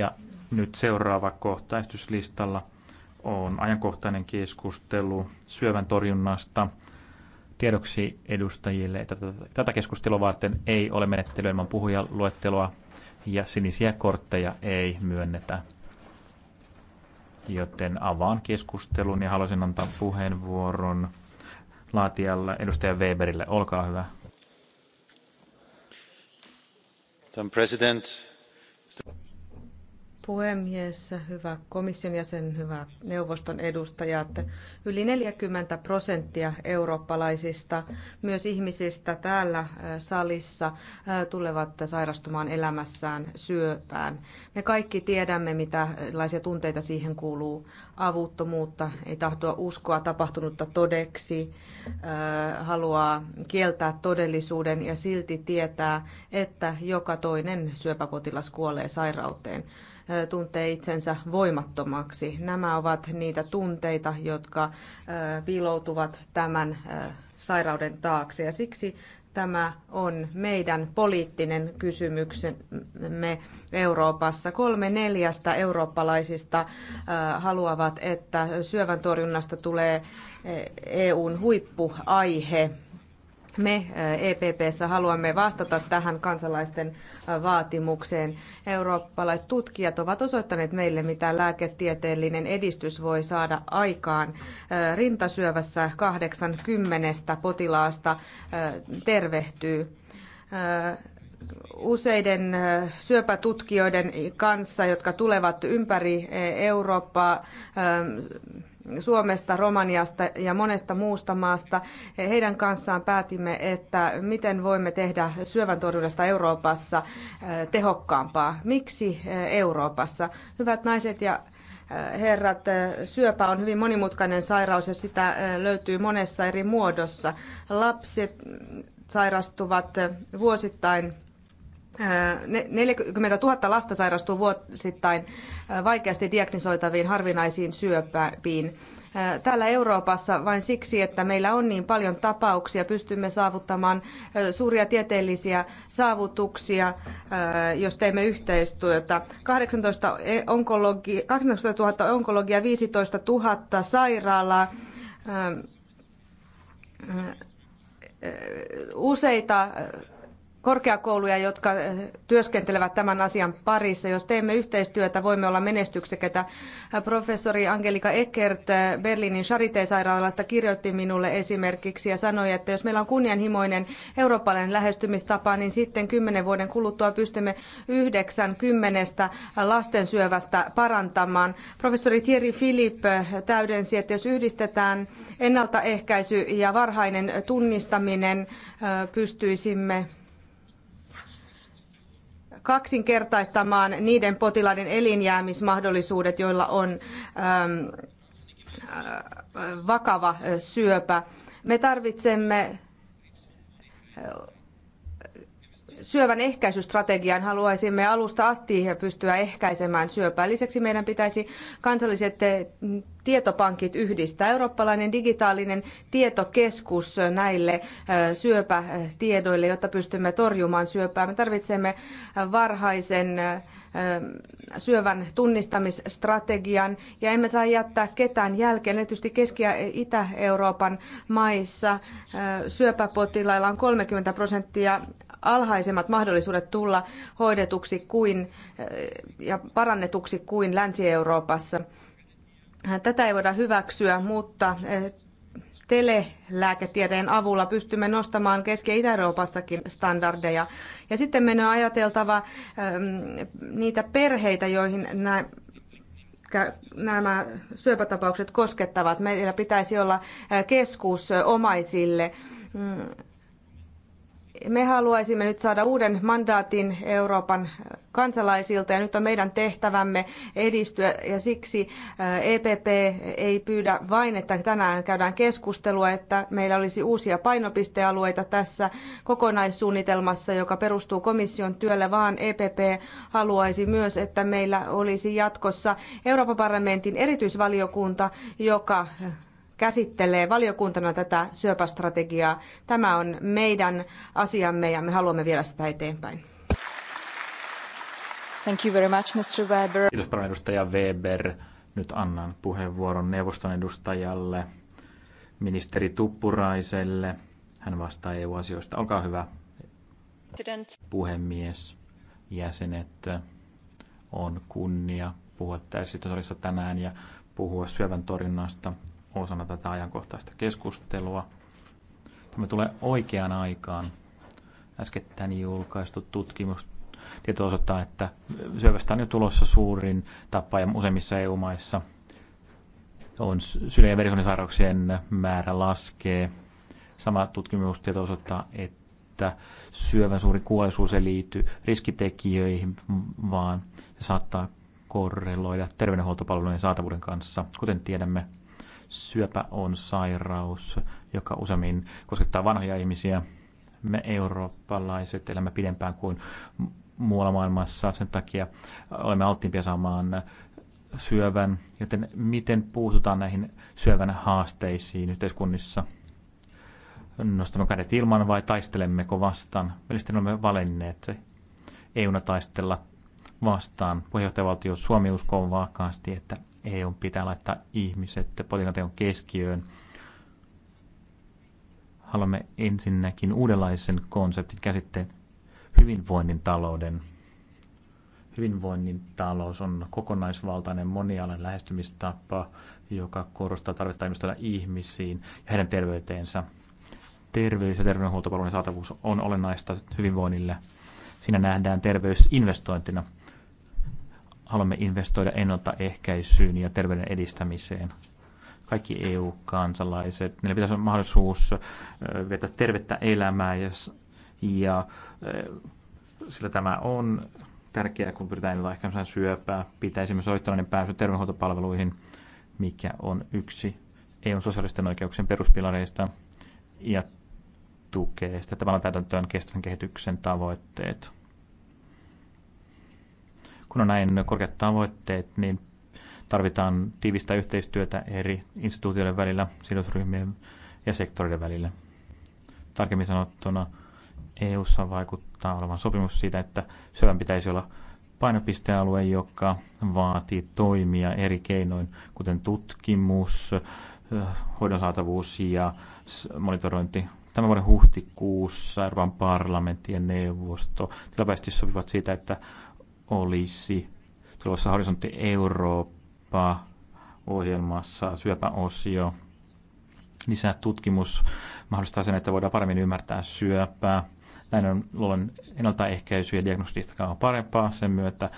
Ja nyt seuraava kohta esityslistalla on ajankohtainen keskustelu syövän torjunnasta. Tiedoksi edustajille, että tätä keskustelua varten ei ole menettelyä ilman puhujaluetteloa ja sinisiä kortteja ei myönnetä. Joten avaan keskustelun ja haluaisin antaa puheenvuoron laatijalle edustaja Weberille. Olkaa hyvä. President, puhemies, hyvä komission jäsen, hyvä neuvoston että Yli 40 prosenttia eurooppalaisista, myös ihmisistä täällä äh, salissa, äh, tulevat sairastumaan elämässään syöpään. Me kaikki tiedämme, mitä laisia tunteita siihen kuuluu. Avuttomuutta, ei tahtoa uskoa tapahtunutta todeksi, äh, haluaa kieltää todellisuuden ja silti tietää, että joka toinen syöpäpotilas kuolee sairauteen tuntee itsensä voimattomaksi. Nämä ovat niitä tunteita, jotka piiloutuvat tämän sairauden taakse. Ja siksi tämä on meidän poliittinen kysymyksemme Euroopassa. Kolme neljästä eurooppalaisista haluavat, että syövän torjunnasta tulee EUn huippuaihe me EPPssä eh, e haluamme vastata tähän kansalaisten eh, vaatimukseen. Eurooppalaiset tutkijat ovat osoittaneet meille, mitä lääketieteellinen edistys voi saada aikaan. Eh, rintasyövässä 80 potilaasta tervehtyy useiden syöpätutkijoiden kanssa, jotka tulevat ympäri Eurooppaa Suomesta, Romaniasta ja monesta muusta maasta. Heidän kanssaan päätimme, että miten voimme tehdä syövän torjunnasta Euroopassa äh, tehokkaampaa. Miksi äh, Euroopassa? Hyvät naiset ja äh, herrat, syöpä on hyvin monimutkainen sairaus ja sitä löytyy monessa eri muodossa. Lapset sairastuvat vuosittain 40 000 lasta sairastuu vuosittain vaikeasti diagnisoitaviin harvinaisiin syöpäpiin. Täällä Euroopassa vain siksi, että meillä on niin paljon tapauksia, pystymme saavuttamaan suuria tieteellisiä saavutuksia, jos teemme yhteistyötä. 18, e- onkologi, 000 onkologia, 15 000 sairaalaa, useita korkeakouluja, jotka eh, työskentelevät tämän asian parissa. Jos teemme yhteistyötä, voimme olla menestyksekätä. Professori Angelika Eckert eh, Berliinin Charité-sairaalasta kirjoitti minulle esimerkiksi ja sanoi, että jos meillä on kunnianhimoinen eurooppalainen lähestymistapa, niin sitten kymmenen vuoden kuluttua pystymme yhdeksän kymmenestä lastensyövästä parantamaan. Professori Thierry Philippe eh, täydensi, että jos yhdistetään ennaltaehkäisy ja varhainen tunnistaminen, pystyisimme kaksinkertaistamaan niiden potilaiden elinjäämismahdollisuudet, joilla on ähm, äh, vakava syöpä. Me tarvitsemme syövän ehkäisystrategian haluaisimme alusta asti pystyä ehkäisemään syöpää. Lisäksi meidän pitäisi kansalliset eh, tietopankit yhdistää. Eurooppalainen digitaalinen tietokeskus näille eh, syöpätiedoille, jotta pystymme torjumaan syöpää. Me tarvitsemme varhaisen eh, syövän tunnistamisstrategian ja emme saa jättää ketään jälkeen. Erityisesti Keski- ja Itä-Euroopan maissa syöpäpotilailla on 30 prosenttia alhaisemmat mahdollisuudet tulla hoidetuksi kuin, eh, ja parannetuksi kuin Länsi-Euroopassa. Tätä ei voida hyväksyä, mutta eh, telelääketieteen avulla pystymme nostamaan Keski- ja Itä-Euroopassakin standardeja. Ja sitten meidän on ajateltava eh, niitä perheitä, joihin nämä syöpätapaukset koskettavat. Meillä pitäisi olla keskus omaisille mm. Me haluaisimme nyt saada uuden mandaatin Euroopan kansalaisilta ja nyt on meidän tehtävämme edistyä ja siksi EPP ei pyydä vain, että tänään käydään keskustelua, että meillä olisi uusia painopistealueita tässä kokonaissuunnitelmassa, joka perustuu komission työlle, vaan EPP haluaisi myös, että meillä olisi jatkossa Euroopan parlamentin erityisvaliokunta, joka käsittelee valiokuntana tätä syöpästrategiaa. Tämä on meidän asiamme ja me haluamme viedä sitä eteenpäin. Thank you very much, Mr. Weber. Kiitos paljon edustaja Weber. Nyt annan puheenvuoron neuvoston edustajalle, ministeri Tuppuraiselle. Hän vastaa EU-asioista. Olkaa hyvä, President. puhemies, jäsenet. On kunnia puhua täysistuntosalissa tänään ja puhua syövän torjunnasta osana tätä ajankohtaista keskustelua. Tämä tulee oikeaan aikaan. Äskettäin julkaistu tutkimus tieto osoittaa, että syövästä on jo tulossa suurin ja useimmissa EU-maissa. On sydän- ja verisuonisairauksien määrä laskee. Sama tutkimustieto osoittaa, että syövän suuri kuolleisuus ei liity riskitekijöihin, vaan se saattaa korreloida terveydenhuoltopalvelujen saatavuuden kanssa. Kuten tiedämme, syöpä on sairaus, joka useammin koskettaa vanhoja ihmisiä. Me eurooppalaiset elämme pidempään kuin muualla maailmassa, sen takia olemme alttiimpia saamaan syövän, joten miten puututaan näihin syövän haasteisiin yhteiskunnissa? Nostamme kädet ilman vai taistelemmeko vastaan? Mielestäni olemme valinneet EUna taistella vastaan. Puheenjohtajavaltio Suomi uskoo vakaasti, että EUn pitää laittaa ihmiset politiikan keskiöön. Haluamme ensinnäkin uudenlaisen konseptin käsitteen hyvinvoinnin talouden. Hyvinvoinnin talous on kokonaisvaltainen monialainen lähestymistapa, joka korostaa tarvetta investoida ihmisiin ja heidän terveyteensä. Terveys- ja terveydenhuoltopalvelujen saatavuus on olennaista hyvinvoinnille. Siinä nähdään terveysinvestointina – haluamme investoida ennaltaehkäisyyn ja terveyden edistämiseen. Kaikki EU-kansalaiset, niillä pitäisi olla mahdollisuus vetää tervettä elämää ja, ja sillä tämä on tärkeää, kun pyritään ennaltaehkäisemään syöpää. Pitäisi myös olla pääsy terveydenhuoltopalveluihin, mikä on yksi EUn sosiaalisten oikeuksien peruspilareista ja tukee sitä tavallaan täytäntöön kestävän kehityksen tavoitteet. Kun on näin korkeat tavoitteet, niin tarvitaan tiivistä yhteistyötä eri instituutioiden välillä, sidosryhmien ja sektoreiden välillä. Tarkemmin sanottuna EU:ssa vaikuttaa olevan sopimus siitä, että syövän pitäisi olla painopistealue, joka vaatii toimia eri keinoin, kuten tutkimus, hoidon saatavuus ja monitorointi. Tämän vuoden huhtikuussa Euroopan parlamentti ja neuvosto tilapäisesti sopivat siitä, että olisi tulossa Horisontti Eurooppa ohjelmassa syöpäosio. Lisää tutkimus mahdollistaa sen, että voidaan paremmin ymmärtää syöpää. Näin on luulen ennaltaehkäisy ja diagnostiikka on parempaa. Sen myötä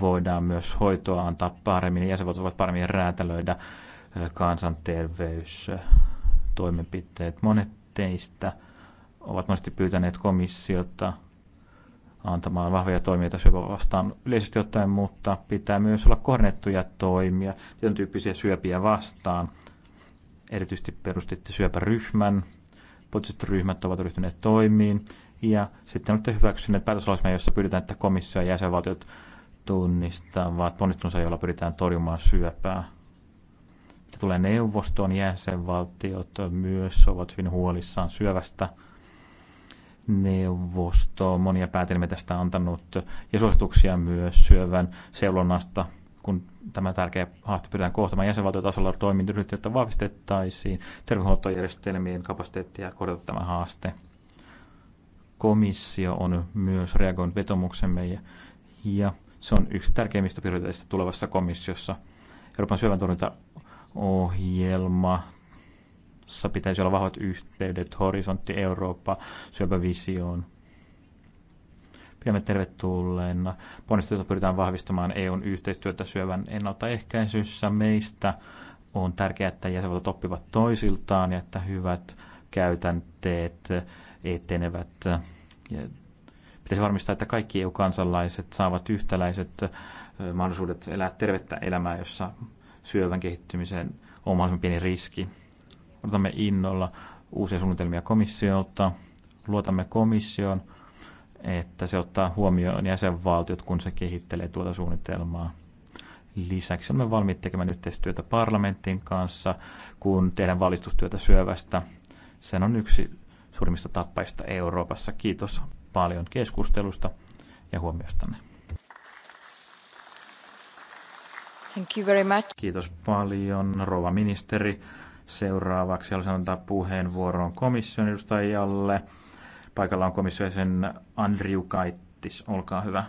voidaan myös hoitoa antaa paremmin ja se voivat paremmin räätälöidä kansanterveystoimenpiteet. Monet teistä ovat monesti pyytäneet komissiota antamaan vahvoja toimia syöpää vastaan yleisesti ottaen, mutta pitää myös olla kohdennettuja toimia tietyn tyyppisiä syöpiä vastaan. Erityisesti perustitte syöpäryhmän, poliittiset ryhmät ovat ryhtyneet toimiin, ja sitten olette hyväksyneet päätöslausumia, jossa pyydetään, että komissio ja jäsenvaltiot tunnistavat ponnistunsa, jolla pyritään torjumaan syöpää. Sitten tulee neuvostoon, jäsenvaltiot myös ovat hyvin huolissaan syövästä – neuvosto on monia päätelmiä tästä antanut ja suosituksia myös syövän seulonnasta, kun tämä tärkeä haaste pyritään kohtamaan jäsenvaltiotasolla toimintaryhtiä, jotta vahvistettaisiin terveydenhuoltojärjestelmien kapasiteettia ja korjata tämä haaste. Komissio on myös reagoinut vetomuksemme ja, ja se on yksi tärkeimmistä prioriteetista tulevassa komissiossa. Euroopan ohjelma Suomessa pitäisi olla vahvat yhteydet Horisontti Eurooppa syöpävisioon. Pidämme tervetulleena. Ponnistelussa pyritään vahvistamaan EUn yhteistyötä syövän ennaltaehkäisyssä. Meistä on tärkeää, että jäsenvaltiot oppivat toisiltaan ja että hyvät käytänteet etenevät. Ja pitäisi varmistaa, että kaikki EU-kansalaiset saavat yhtäläiset mahdollisuudet elää tervettä elämää, jossa syövän kehittymiseen on mahdollisimman pieni riski odotamme innolla uusia suunnitelmia komissiolta. Luotamme komission, että se ottaa huomioon jäsenvaltiot, kun se kehittelee tuota suunnitelmaa. Lisäksi olemme valmiit tekemään yhteistyötä parlamentin kanssa, kun tehdään valistustyötä syövästä. Sen on yksi suurimmista tappaista Euroopassa. Kiitos paljon keskustelusta ja huomiostanne. Thank you very much. Kiitos paljon, rouva ministeri. Seuraavaksi haluaisin antaa puheenvuoron komission edustajalle. Paikalla on komission jäsen Andriu Kaittis. Olkaa hyvä.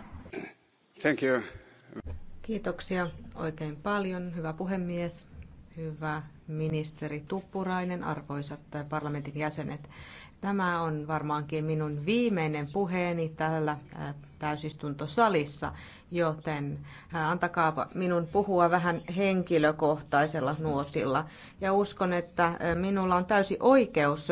Thank you. Kiitoksia oikein paljon, hyvä puhemies, hyvä ministeri Tuppurainen, arvoisat parlamentin jäsenet. Tämä on varmaankin minun viimeinen puheeni täällä äh, täysistuntosalissa joten antakaa minun puhua vähän henkilökohtaisella nuotilla. Ja uskon, että minulla on täysi oikeus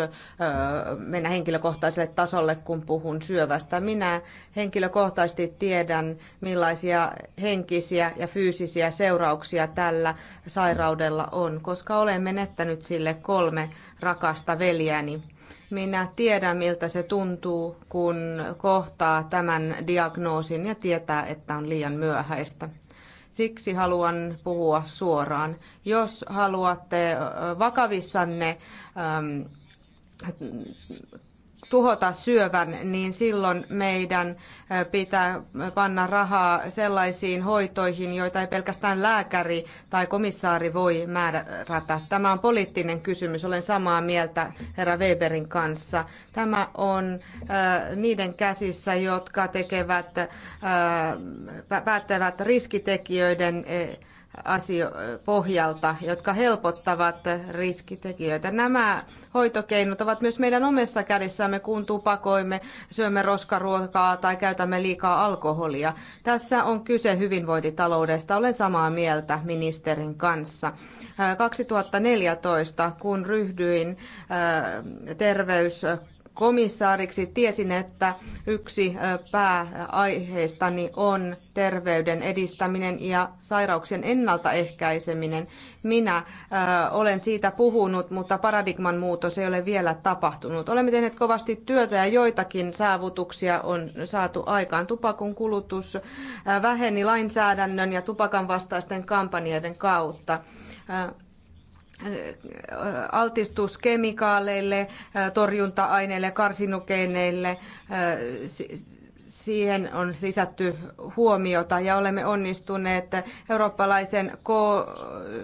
mennä henkilökohtaiselle tasolle, kun puhun syövästä. Minä henkilökohtaisesti tiedän, millaisia henkisiä ja fyysisiä seurauksia tällä sairaudella on, koska olen menettänyt sille kolme rakasta veljääni minä tiedän, miltä se tuntuu, kun kohtaa tämän diagnoosin ja tietää, että on liian myöhäistä. Siksi haluan puhua suoraan. Jos haluatte vakavissanne tuhota syövän, niin silloin meidän pitää panna rahaa sellaisiin hoitoihin, joita ei pelkästään lääkäri tai komissaari voi määrätä. Tämä on poliittinen kysymys. Olen samaa mieltä herra Weberin kanssa. Tämä on niiden käsissä, jotka tekevät, päättävät riskitekijöiden asio- pohjalta, jotka helpottavat riskitekijöitä. Nämä hoitokeinot ovat myös meidän omessa kädessämme, kun tupakoimme, syömme roskaruokaa tai käytämme liikaa alkoholia. Tässä on kyse hyvinvointitaloudesta. Olen samaa mieltä ministerin kanssa. 2014, äh, kun ryhdyin äh, terveys komissaariksi, tiesin, että yksi pääaiheistani on terveyden edistäminen ja sairauksien ennaltaehkäiseminen. Minä olen siitä puhunut, mutta paradigman muutos ei ole vielä tapahtunut. Olemme tehneet kovasti työtä ja joitakin saavutuksia on saatu aikaan. Tupakun kulutus väheni lainsäädännön ja tupakan vastaisten kampanjoiden kautta altistus kemikaaleille, torjunta-aineille, karsinogeeneille, siihen on lisätty huomiota ja olemme onnistuneet eurooppalaisen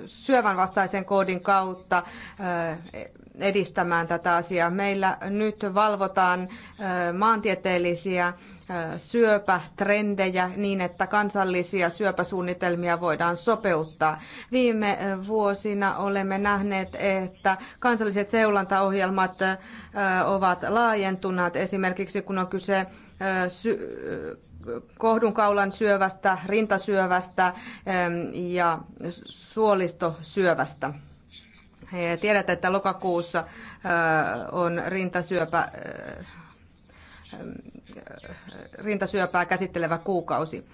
syövän vastaisen koodin kautta äh, edistämään tätä asiaa. Meillä nyt valvotaan äh, maantieteellisiä syöpätrendejä niin, että kansallisia syöpäsuunnitelmia voidaan sopeuttaa. Viime vuosina olemme nähneet, että kansalliset seulantaohjelmat ovat laajentuneet esimerkiksi kun on kyse kohdunkaulan syövästä, rintasyövästä ja suolistosyövästä. Tiedät, että lokakuussa on rintasyöpä Öö, rintasyöpää käsittelevä kuukausi.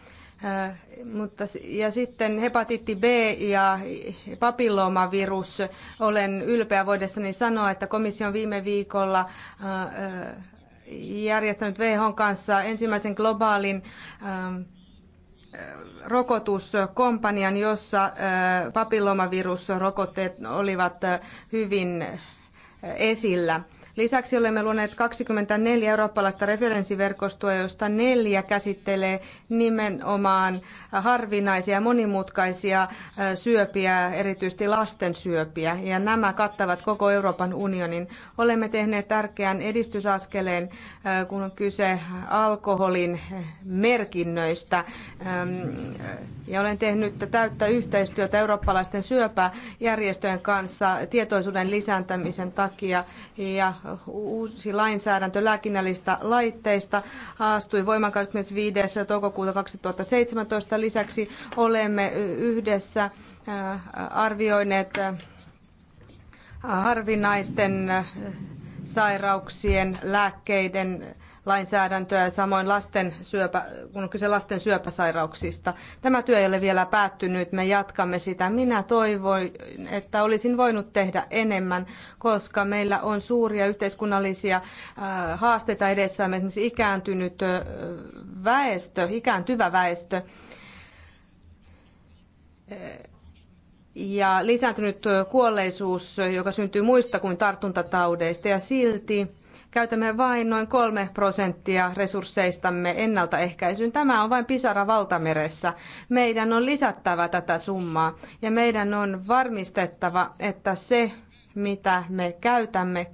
Öö, mutta, ja sitten hepatiitti B ja papilloomavirus. Olen ylpeä voidessani sanoa, että komissio on viime viikolla öö, järjestänyt WHOn kanssa ensimmäisen globaalin rokotuskompanjan, jossa papilloomavirusrokotteet olivat hyvin esillä. Lisäksi olemme luoneet 24 eurooppalaista referenssiverkostoa, joista neljä käsittelee nimenomaan harvinaisia monimutkaisia syöpiä, erityisesti lasten syöpiä, ja nämä kattavat koko Euroopan unionin. Olemme tehneet tärkeän edistysaskeleen, kun on kyse alkoholin merkinnöistä, ja olen tehnyt täyttä yhteistyötä eurooppalaisten syöpäjärjestöjen kanssa tietoisuuden lisääntämisen takia, ja uusi lainsäädäntö lääkinnällistä laitteista astui voimaan 25. toukokuuta 2017. Lisäksi olemme yhdessä äh, arvioineet äh, harvinaisten äh, sairauksien lääkkeiden lainsäädäntöä ja samoin lasten syöpä, kun on kyse lasten syöpäsairauksista. Tämä työ ei ole vielä päättynyt, me jatkamme sitä. Minä toivoin, että olisin voinut tehdä enemmän, koska meillä on suuria yhteiskunnallisia äh, haasteita edessämme, esimerkiksi ikääntynyt äh, väestö, ikääntyvä väestö ja lisääntynyt kuolleisuus, joka syntyy muista kuin tartuntataudeista ja silti Käytämme vain noin kolme prosenttia resursseistamme ennaltaehkäisyyn. Tämä on vain pisara valtameressä. Meidän on lisättävä tätä summaa ja meidän on varmistettava, että se, mitä me käytämme,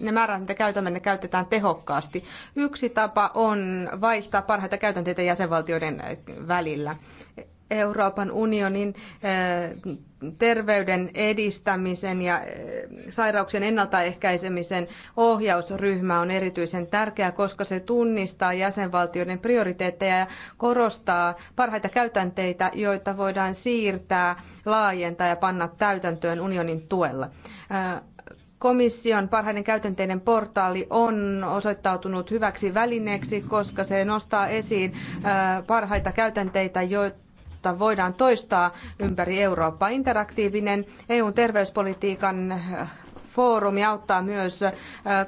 ne määrät, mitä käytämme, ne käytetään tehokkaasti. Yksi tapa on vaihtaa parhaita käytänteitä jäsenvaltioiden välillä. Euroopan unionin eh, terveyden edistämisen ja eh, sairauksien ennaltaehkäisemisen ohjausryhmä on erityisen tärkeä, koska se tunnistaa jäsenvaltioiden prioriteetteja ja korostaa parhaita käytänteitä, joita voidaan siirtää, laajentaa ja panna täytäntöön unionin tuella eh, komission parhaiden käytänteiden portaali on osoittautunut hyväksi välineeksi, koska se nostaa esiin parhaita käytänteitä, joita jotta voidaan toistaa ympäri Eurooppaa. Interaktiivinen EU-terveyspolitiikan äh, foorumi auttaa myös äh,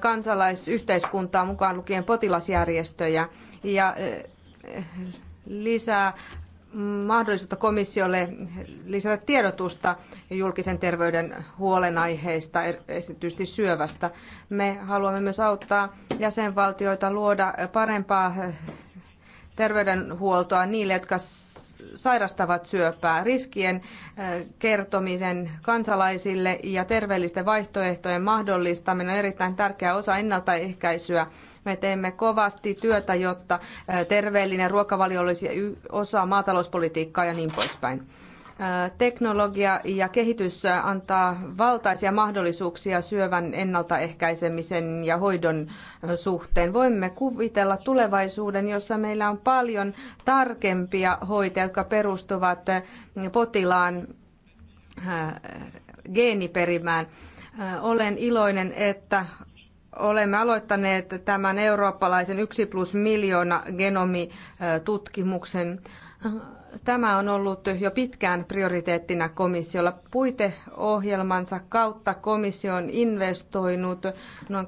kansalaisyhteiskuntaa mukaan lukien potilasjärjestöjä ja äh, lisää mm, mahdollisuutta komissiolle lisätä tiedotusta julkisen terveyden huolenaiheista, er, erityisesti syövästä. Me haluamme myös auttaa jäsenvaltioita luoda parempaa terveydenhuoltoa niille, jotka sairastavat syöpää. Riskien äh, kertomisen kansalaisille ja terveellisten vaihtoehtojen mahdollistaminen on erittäin tärkeä osa ennaltaehkäisyä. Me teemme kovasti työtä, jotta äh, terveellinen ruokavalio olisi osa maatalouspolitiikkaa ja niin poispäin. Teknologia ja kehitys antaa valtaisia mahdollisuuksia syövän ennaltaehkäisemisen ja hoidon suhteen. Voimme kuvitella tulevaisuuden, jossa meillä on paljon tarkempia hoitoja, jotka perustuvat potilaan geeniperimään. Olen iloinen, että olemme aloittaneet tämän eurooppalaisen yksi plus miljoona genomitutkimuksen tämä on ollut jo pitkään prioriteettina komissiolla. Puiteohjelmansa kautta komissio on investoinut noin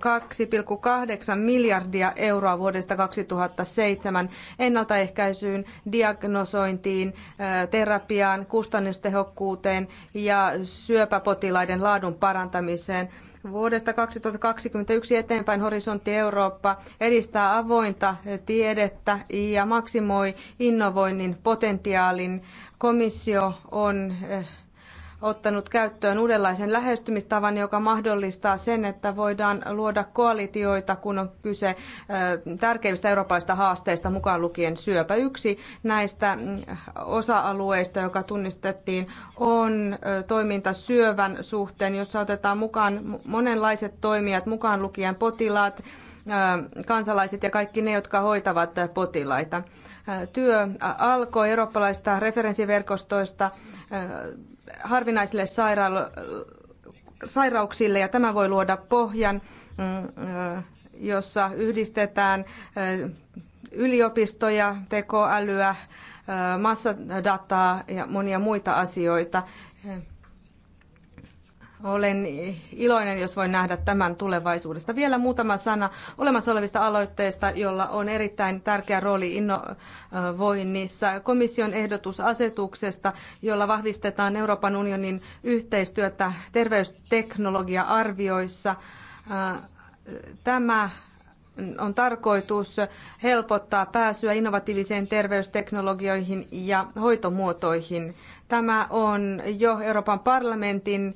2,8 miljardia euroa vuodesta 2007 ennaltaehkäisyyn, diagnosointiin, terapiaan, kustannustehokkuuteen ja syöpäpotilaiden laadun parantamiseen – Vuodesta 2021 eteenpäin Horisontti Eurooppa edistää avointa tiedettä ja maksimoi innovoinnin potentiaalin. Komissio on eh, ottanut käyttöön uudenlaisen lähestymistavan, joka mahdollistaa sen, että voidaan luoda koalitioita, kun on kyse tärkeimmistä eurooppalaisista haasteista, mukaan lukien syöpä. Yksi näistä mm, osa-alueista, joka tunnistettiin, on toiminta syövän suhteen, jossa otetaan mukaan monenlaiset toimijat, mukaan lukien potilaat, kansalaiset ja kaikki ne, jotka hoitavat potilaita. Työ alkoi eurooppalaista referenssiverkostoista harvinaisille sairauksille ja tämä voi luoda pohjan, mm, jossa yhdistetään yliopistoja, tekoälyä, massadataa ja monia muita asioita. Olen iloinen, jos voin nähdä tämän tulevaisuudesta. Vielä muutama sana olemassa olevista aloitteista, jolla on erittäin tärkeä rooli innovoinnissa. Komission ehdotus asetuksesta, jolla vahvistetaan Euroopan unionin yhteistyötä terveysteknologia-arvioissa. Tämä on tarkoitus helpottaa pääsyä innovatiivisiin terveysteknologioihin ja hoitomuotoihin. Tämä on jo Euroopan parlamentin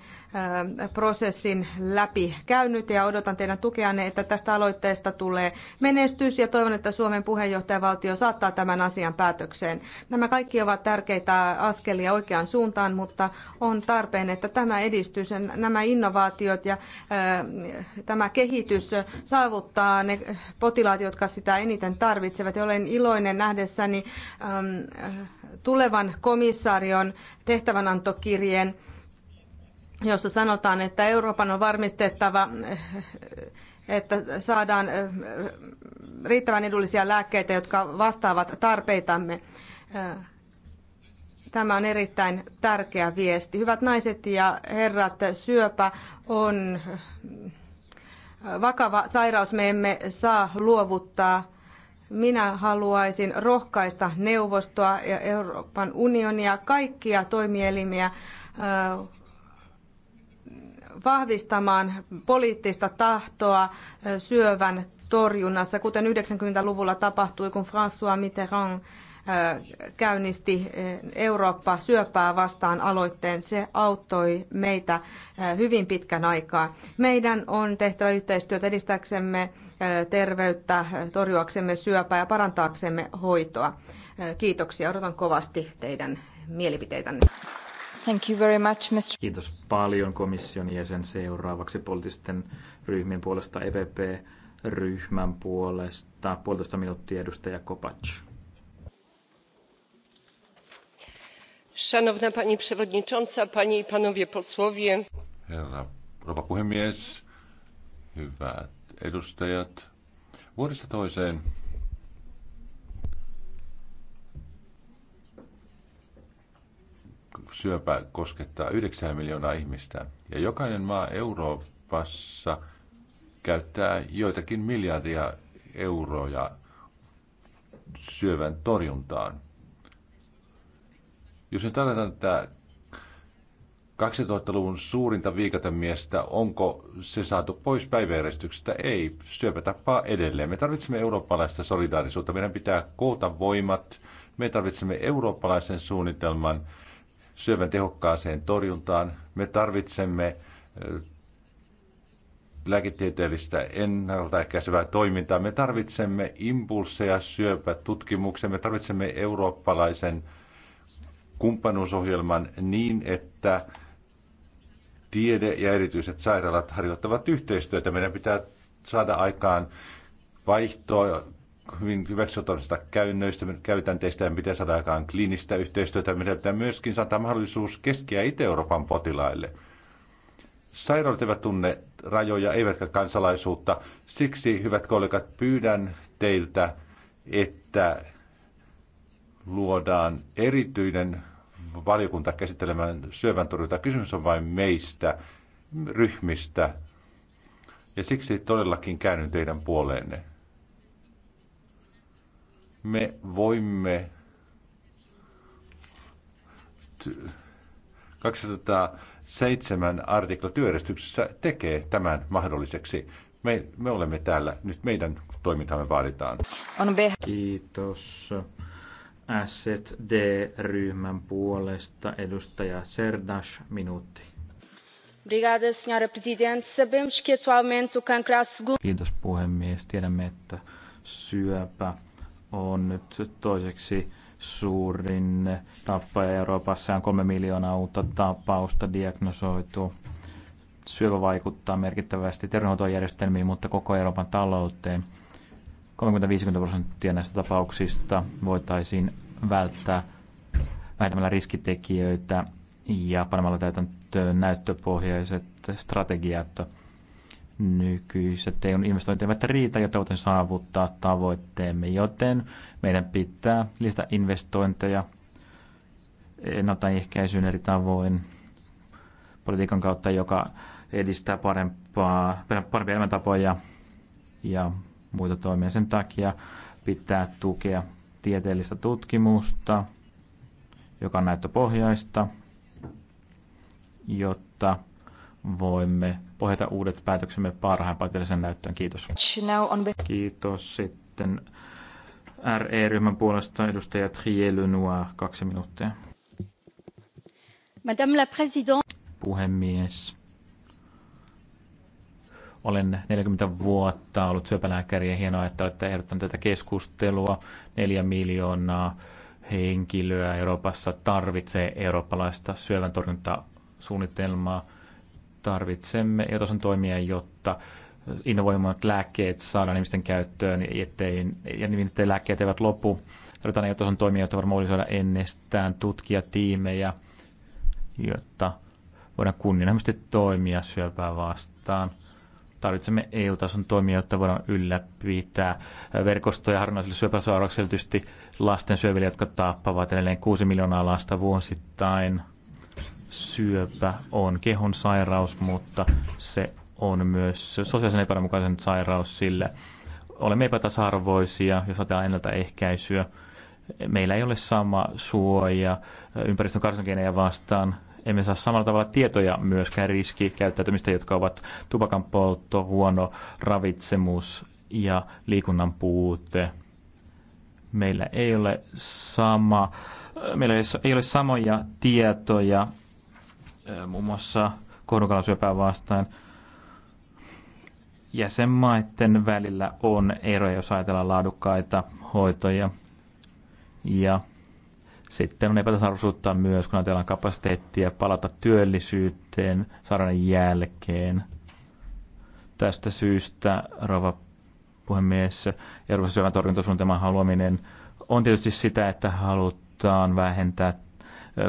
äh, prosessin läpi käynyt ja odotan teidän tukeanne, että tästä aloitteesta tulee menestys ja toivon, että Suomen puheenjohtajavaltio saattaa tämän asian päätökseen. Nämä kaikki ovat tärkeitä askelia oikeaan suuntaan, mutta on tarpeen, että tämä edistys, nämä innovaatiot ja äh, tämä kehitys saavuttaa ne potilaat, jotka sitä eniten tarvitsevat. Ja olen iloinen nähdessäni ähm, tulevan komissaarion tehtävänantokirjeen, jossa sanotaan, että Euroopan on varmistettava äh, että saadaan äh, riittävän edullisia lääkkeitä, jotka vastaavat tarpeitamme. Äh, tämä on erittäin tärkeä viesti. Hyvät naiset ja herrat, syöpä on vakava sairaus me emme saa luovuttaa. Minä haluaisin rohkaista neuvostoa ja Euroopan unionia, kaikkia toimielimiä vahvistamaan poliittista tahtoa syövän torjunnassa, kuten 90-luvulla tapahtui, kun François Mitterrand käynnisti Eurooppa syöpää vastaan aloitteen. Se auttoi meitä hyvin pitkän aikaa. Meidän on tehtävä yhteistyötä edistäksemme terveyttä, torjuaksemme syöpää ja parantaaksemme hoitoa. Kiitoksia. Odotan kovasti teidän mielipiteitänne. Thank you very much, Mr. Kiitos paljon komission jäsen seuraavaksi poliittisten ryhmien puolesta EPP ryhmän puolesta. Puolitoista minuuttia edustaja Kopacz. Szanowna pani przewodnicząca, panie i panowie posłowie. Herra, rouva puhemies, hyvät edustajat. Vuodesta toiseen syöpä koskettaa yhdeksän miljoonaa ihmistä ja jokainen maa Euroopassa käyttää joitakin miljardia euroja syövän torjuntaan. Jos nyt aletaan tätä 2000-luvun suurinta viikatemiestä, onko se saatu pois päiväjärjestyksestä? Ei, syöpätappaa edelleen. Me tarvitsemme eurooppalaista solidaarisuutta, meidän pitää koota voimat, me tarvitsemme eurooppalaisen suunnitelman syövän tehokkaaseen torjuntaan, me tarvitsemme eh, lääketieteellistä ennaltaehkäisevää toimintaa, me tarvitsemme impulseja syöpätutkimukseen, me tarvitsemme eurooppalaisen kumppanuusohjelman niin, että tiede ja erityiset sairaalat harjoittavat yhteistyötä. Meidän pitää saada aikaan vaihtoa hyvin hyväksytonnista käynnöistä, käytänteistä ja miten saada aikaan kliinistä yhteistyötä. Meidän pitää myöskin saada mahdollisuus keskiä Itä-Euroopan potilaille. Sairaalat eivät tunne rajoja eivätkä kansalaisuutta. Siksi, hyvät kollegat, pyydän teiltä, että luodaan erityinen valiokunta käsittelemään syövän torjuntaa. Kysymys on vain meistä, ryhmistä. Ja siksi todellakin käännyn teidän puoleenne. Me voimme 207 artikla työjärjestyksessä tekee tämän mahdolliseksi. Me, me olemme täällä, nyt meidän toimintamme vaaditaan. On Kiitos. SD-ryhmän puolesta edustaja Serdas, minuutti. Kiitos puhemies. Tiedämme, että syöpä on nyt toiseksi suurin tappaja Euroopassa. On kolme miljoonaa uutta tapausta diagnosoitu. Syövä vaikuttaa merkittävästi terveydenhuoltojärjestelmiin, mutta koko Euroopan talouteen. 30-50 prosenttia näistä tapauksista voitaisiin välttää vähentämällä riskitekijöitä ja panemalla täytäntöön näyttöpohjaiset strategiat. Nykyiset ole investointeja välttä riitä, jotta voitaisiin saavuttaa tavoitteemme, joten meidän pitää lisätä investointeja ennaltaehkäisyyn eri tavoin politiikan kautta, joka edistää parempaa, parempia elämäntapoja ja muita toimia. Sen takia pitää tukea tieteellistä tutkimusta, joka on näyttöpohjaista, jotta voimme pohjata uudet päätöksemme parhaan paikallisen näyttöön. Kiitos. Kiitos sitten RE-ryhmän puolesta edustaja Trier Lenoir, kaksi minuuttia. Madame la Présidente. Puhemies olen 40 vuotta ollut syöpälääkäri ja hienoa, että olette ehdottaneet tätä keskustelua. Neljä miljoonaa henkilöä Euroopassa tarvitsee eurooppalaista syövän torjuntasuunnitelmaa. Tarvitsemme jotain toimia, jotta innovoimat lääkkeet saadaan ihmisten käyttöön ettei, ja niin, että lääkkeet eivät lopu. Tarvitaan jotain toimia, jotta voidaan olisi ennestään tutkijatiimejä, jotta voidaan kunnianhimoisesti toimia syöpää vastaan tarvitsemme EU-tason toimia, jotta voidaan ylläpitää verkostoja harvinaisille syöpäsairauksille, tietysti lasten syöville, jotka tappavat edelleen 6 miljoonaa lasta vuosittain. Syöpä on kehon sairaus, mutta se on myös sosiaalisen epäoikeudenmukaisen sairaus sille. Olemme epätasa-arvoisia, jos otetaan ennaltaehkäisyä. Meillä ei ole sama suoja ympäristön karsinogeneja vastaan emme saa samalla tavalla tietoja myöskään riskikäyttäytymistä, jotka ovat tupakan poltto, huono ravitsemus ja liikunnan puute. Meillä ei ole, sama, meillä ei ole samoja tietoja muun muassa kohdunkalasyöpää vastaan. Jäsenmaiden välillä on eroja, jos ajatellaan laadukkaita hoitoja. Ja sitten on epätasarvoisuutta myös, kun ajatellaan kapasiteettia palata työllisyyteen sairauden jälkeen. Tästä syystä, rova puhemies, Euroopan syövän torjuntasuunnitelman haluaminen on tietysti sitä, että halutaan vähentää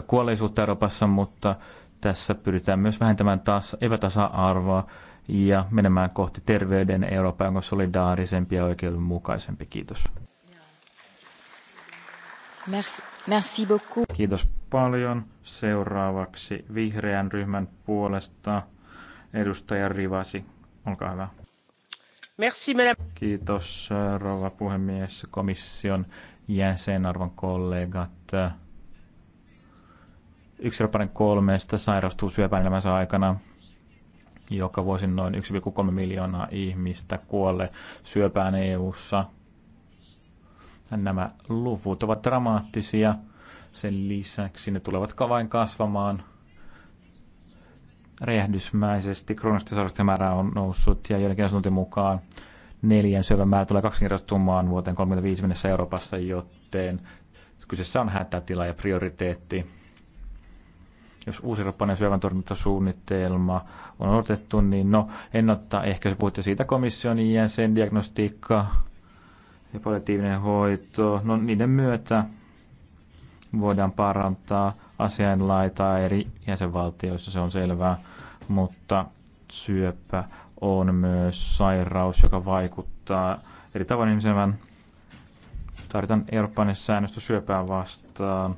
kuolleisuutta Euroopassa, mutta tässä pyritään myös vähentämään taas epätasa-arvoa ja menemään kohti terveyden Eurooppaa, jonka solidaarisempi ja oikeudenmukaisempi. Kiitos. Merci. Merci beaucoup. Kiitos paljon. Seuraavaksi vihreän ryhmän puolesta edustaja Rivasi. Olkaa hyvä. Merci, madame. Kiitos, rouva puhemies, komission jäsenarvon kollegat. Yksilöparin kolmesta sairastuu syöpään aikana. Joka vuosi noin 1,3 miljoonaa ihmistä kuolee syöpään EU-ssa – Nämä luvut ovat dramaattisia. Sen lisäksi ne tulevat vain kasvamaan räjähdysmäisesti. Kroonisten sairausten määrä on noussut ja joidenkin asuntojen mukaan neljän syövän määrä tulee kaksinkertaistumaan vuoteen 35 mennessä Euroopassa, joten kyseessä on hätätila ja prioriteetti. Jos uusi rappainen syövän torjuntasuunnitelma on otettu, niin no, ehkä jos puhutte siitä komission jäsen, diagnostiikka, ja palliatiivinen hoito, no niiden myötä voidaan parantaa asianlaitaa eri jäsenvaltioissa, se on selvää, mutta syöpä on myös sairaus, joka vaikuttaa eri tavoin ihmisen Tarvitaan Euroopan säännöstä syöpää vastaan.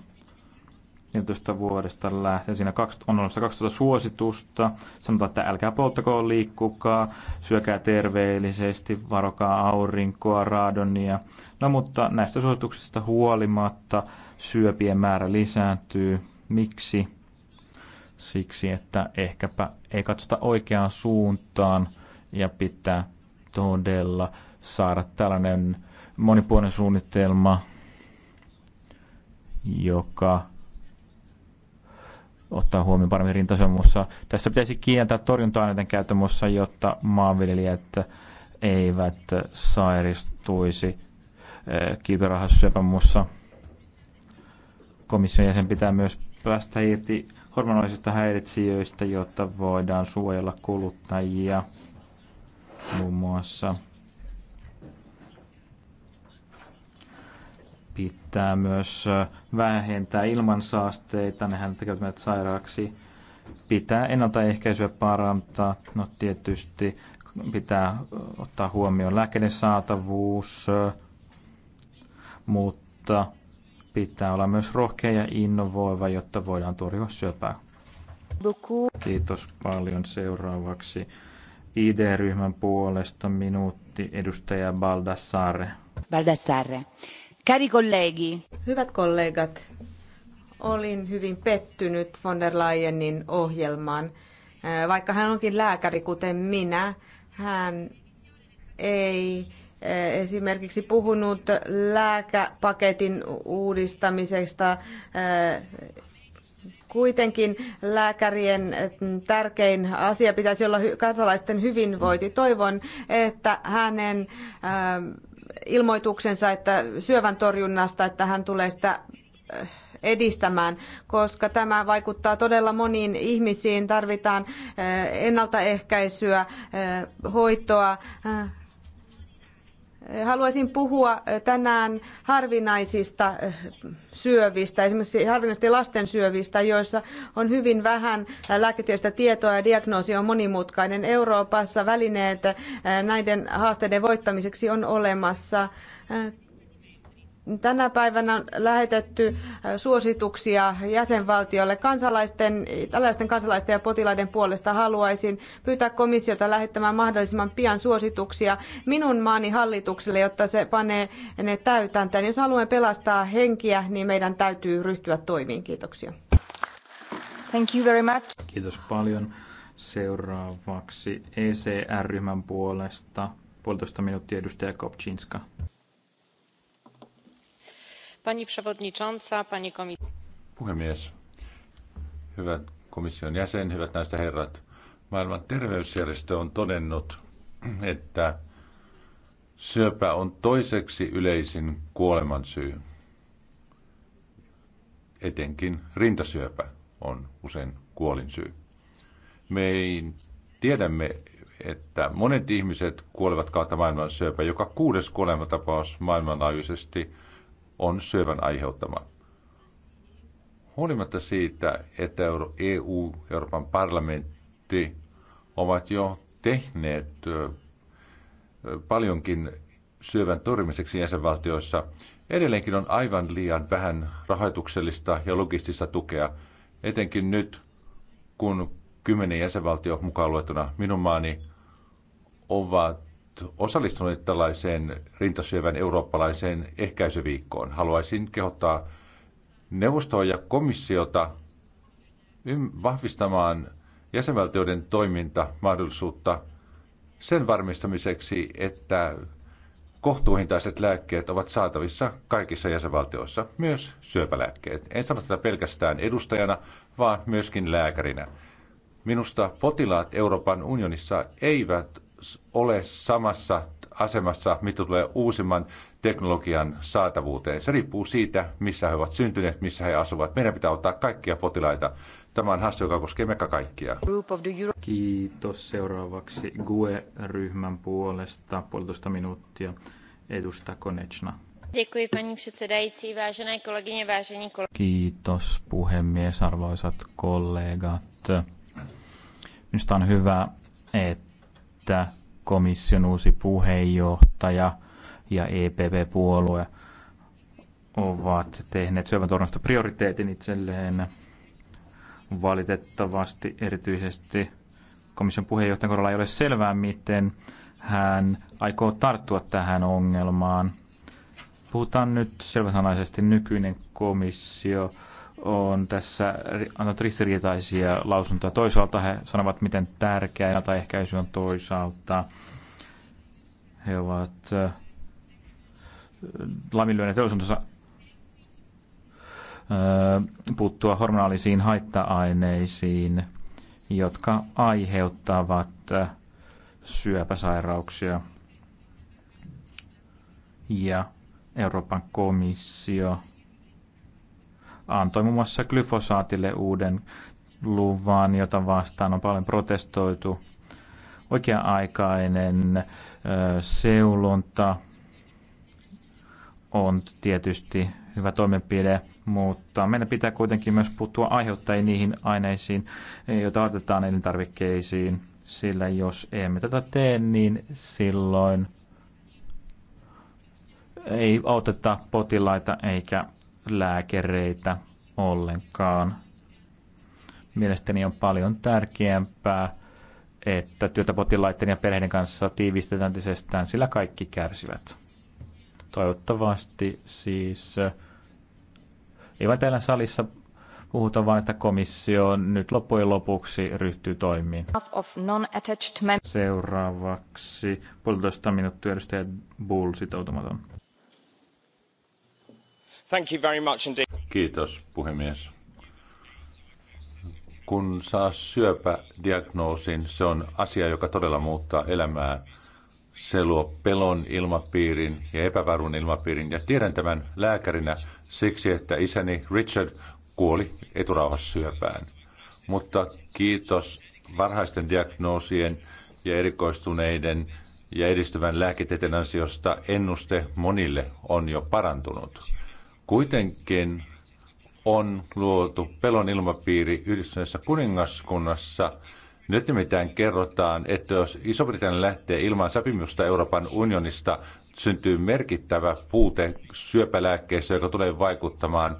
14 vuodesta lähtien. Siinä on ollut 12 suositusta. Sanotaan, että älkää polttakoon, liikkukaa, syökää terveellisesti, varokaa aurinkoa, raadonia. No mutta näistä suosituksista huolimatta syöpien määrä lisääntyy. Miksi? Siksi, että ehkäpä ei katsota oikeaan suuntaan ja pitää todella saada tällainen monipuolinen suunnitelma, joka ottaa huomioon paremmin rintasomussa. Tässä pitäisi kieltää torjunta-aineiden käytössä, jotta maanviljelijät eivät sairistuisi eh, kiperahassyöpämussa. Komission jäsen pitää myös päästä irti hormonallisista häiritsijöistä, jotta voidaan suojella kuluttajia muun muassa pitää myös vähentää ilmansaasteita, nehän tekevät meidät sairaaksi. Pitää ennaltaehkäisyä parantaa, no tietysti pitää ottaa huomioon lääkkeiden saatavuus, mutta pitää olla myös rohkea ja innovoiva, jotta voidaan torjua syöpää. Kiitos paljon. Seuraavaksi ID-ryhmän puolesta minuutti edustaja Baldassare. Baldassare. Cari colleghi. Hyvät kollegat, olin hyvin pettynyt von der Leyenin ohjelmaan. Äh, vaikka hän onkin lääkäri kuten minä, hän ei äh, esimerkiksi puhunut lääkäpaketin uudistamisesta. Äh, kuitenkin lääkärien tärkein asia pitäisi olla kansalaisten hyvinvointi. Toivon, että hänen ilmoituksensa että syövän torjunnasta, että hän tulee sitä eh, edistämään, koska tämä vaikuttaa todella moniin ihmisiin. Tarvitaan eh, ennaltaehkäisyä, eh, hoitoa, Haluaisin puhua eh, tänään harvinaisista eh, syövistä, esimerkiksi harvinaisesti lasten syövistä, joissa on hyvin vähän eh, lääketieteellistä tietoa ja diagnoosi on monimutkainen. Euroopassa välineet näiden haasteiden voittamiseksi on olemassa Tänä päivänä on lähetetty äh, suosituksia jäsenvaltioille kansalaisten, tällaisten kansalaisten ja potilaiden puolesta. Haluaisin pyytää komissiota lähettämään mahdollisimman pian suosituksia minun maani hallitukselle, jotta se panee ne täytäntöön. Jos haluamme pelastaa henkiä, niin meidän täytyy ryhtyä toimiin. Kiitoksia. Thank you very much. Kiitos paljon. Seuraavaksi ECR-ryhmän puolesta puolitoista minuuttia edustaja Kopczynska. Pani przewodnicząca, Puhemies, hyvät komission jäsen, hyvät naiset ja herrat. Maailman terveysjärjestö on todennut, että syöpä on toiseksi yleisin kuolemansyy. Etenkin rintasyöpä on usein kuolinsyy. Me ei tiedämme, että monet ihmiset kuolevat kautta maailman syöpä. Joka kuudes kuolematapaus maailmanlaajuisesti on syövän aiheuttama. Huolimatta siitä, että EU ja e Euroopan parlamentti ovat jo tehneet paljonkin syövän torjumiseksi jäsenvaltioissa, edelleenkin on aivan liian vähän rahoituksellista ja logistista tukea, etenkin nyt, kun kymmenen jäsenvaltio mukaan luettuna minun maani ovat osallistuneet tällaiseen rintasyövän eurooppalaiseen ehkäisyviikkoon. Haluaisin kehottaa neuvostoa ja komissiota vahvistamaan jäsenvaltioiden toimintamahdollisuutta sen varmistamiseksi, että kohtuuhintaiset lääkkeet ovat saatavissa kaikissa jäsenvaltioissa, myös syöpälääkkeet. En sano tätä pelkästään edustajana, vaan myöskin lääkärinä. Minusta potilaat Euroopan unionissa eivät ole samassa asemassa, mitä tulee uusimman teknologian saatavuuteen. Se riippuu siitä, missä he ovat syntyneet, missä he asuvat. Meidän pitää ottaa kaikkia potilaita. Tämä on haaste, joka koskee meitä kaikkia. Kiitos. Seuraavaksi GUE-ryhmän puolesta puolitoista minuuttia. Edusta Konechna. Kiitos puhemies, arvoisat kollegat. Minusta on hyvä, että että komission uusi puheenjohtaja ja EPP-puolue ovat tehneet syöväntorjunnasta prioriteetin itselleen. Valitettavasti erityisesti komission puheenjohtajan kohdalla ei ole selvää, miten hän aikoo tarttua tähän ongelmaan. Puhutaan nyt selväsanaisesti nykyinen komissio on tässä antanut ristiriitaisia lausuntoja. Toisaalta he sanovat, miten tärkeä ennaltaehkäisy on toisaalta. He ovat laiminlyöneet äh, puuttua hormonaalisiin haitta-aineisiin, jotka aiheuttavat syöpäsairauksia. Ja Euroopan komissio antoi muun muassa glyfosaatille uuden luvan, jota vastaan on paljon protestoitu. Oikea-aikainen seulonta on tietysti hyvä toimenpide, mutta meidän pitää kuitenkin myös puuttua aiheuttajiin niihin aineisiin, joita otetaan elintarvikkeisiin, sillä jos emme tätä tee, niin silloin ei auteta potilaita eikä lääkäreitä ollenkaan. Mielestäni on paljon tärkeämpää, että työtä potilaiden ja perheiden kanssa tiivistetään entisestään, sillä kaikki kärsivät. Toivottavasti siis ei vain täällä salissa puhuta, vaan että komissio nyt loppujen lopuksi ryhtyy toimiin. Seuraavaksi puolitoista minuuttia edustaja Bull sitoutumaton. Kiitos, puhemies. Kun saa syöpädiagnoosin, se on asia, joka todella muuttaa elämää. Se luo pelon ilmapiirin ja epävarun ilmapiirin. Ja tiedän tämän lääkärinä siksi, että isäni Richard kuoli syöpään. Mutta kiitos varhaisten diagnoosien ja erikoistuneiden ja edistyvän lääketieteen ansiosta ennuste monille on jo parantunut. Kuitenkin on luotu pelon ilmapiiri yhdistyneessä kuningaskunnassa. Nyt nimittäin kerrotaan, että jos Iso-Britannia lähtee ilman sopimusta Euroopan unionista, syntyy merkittävä puute syöpälääkkeessä, joka tulee vaikuttamaan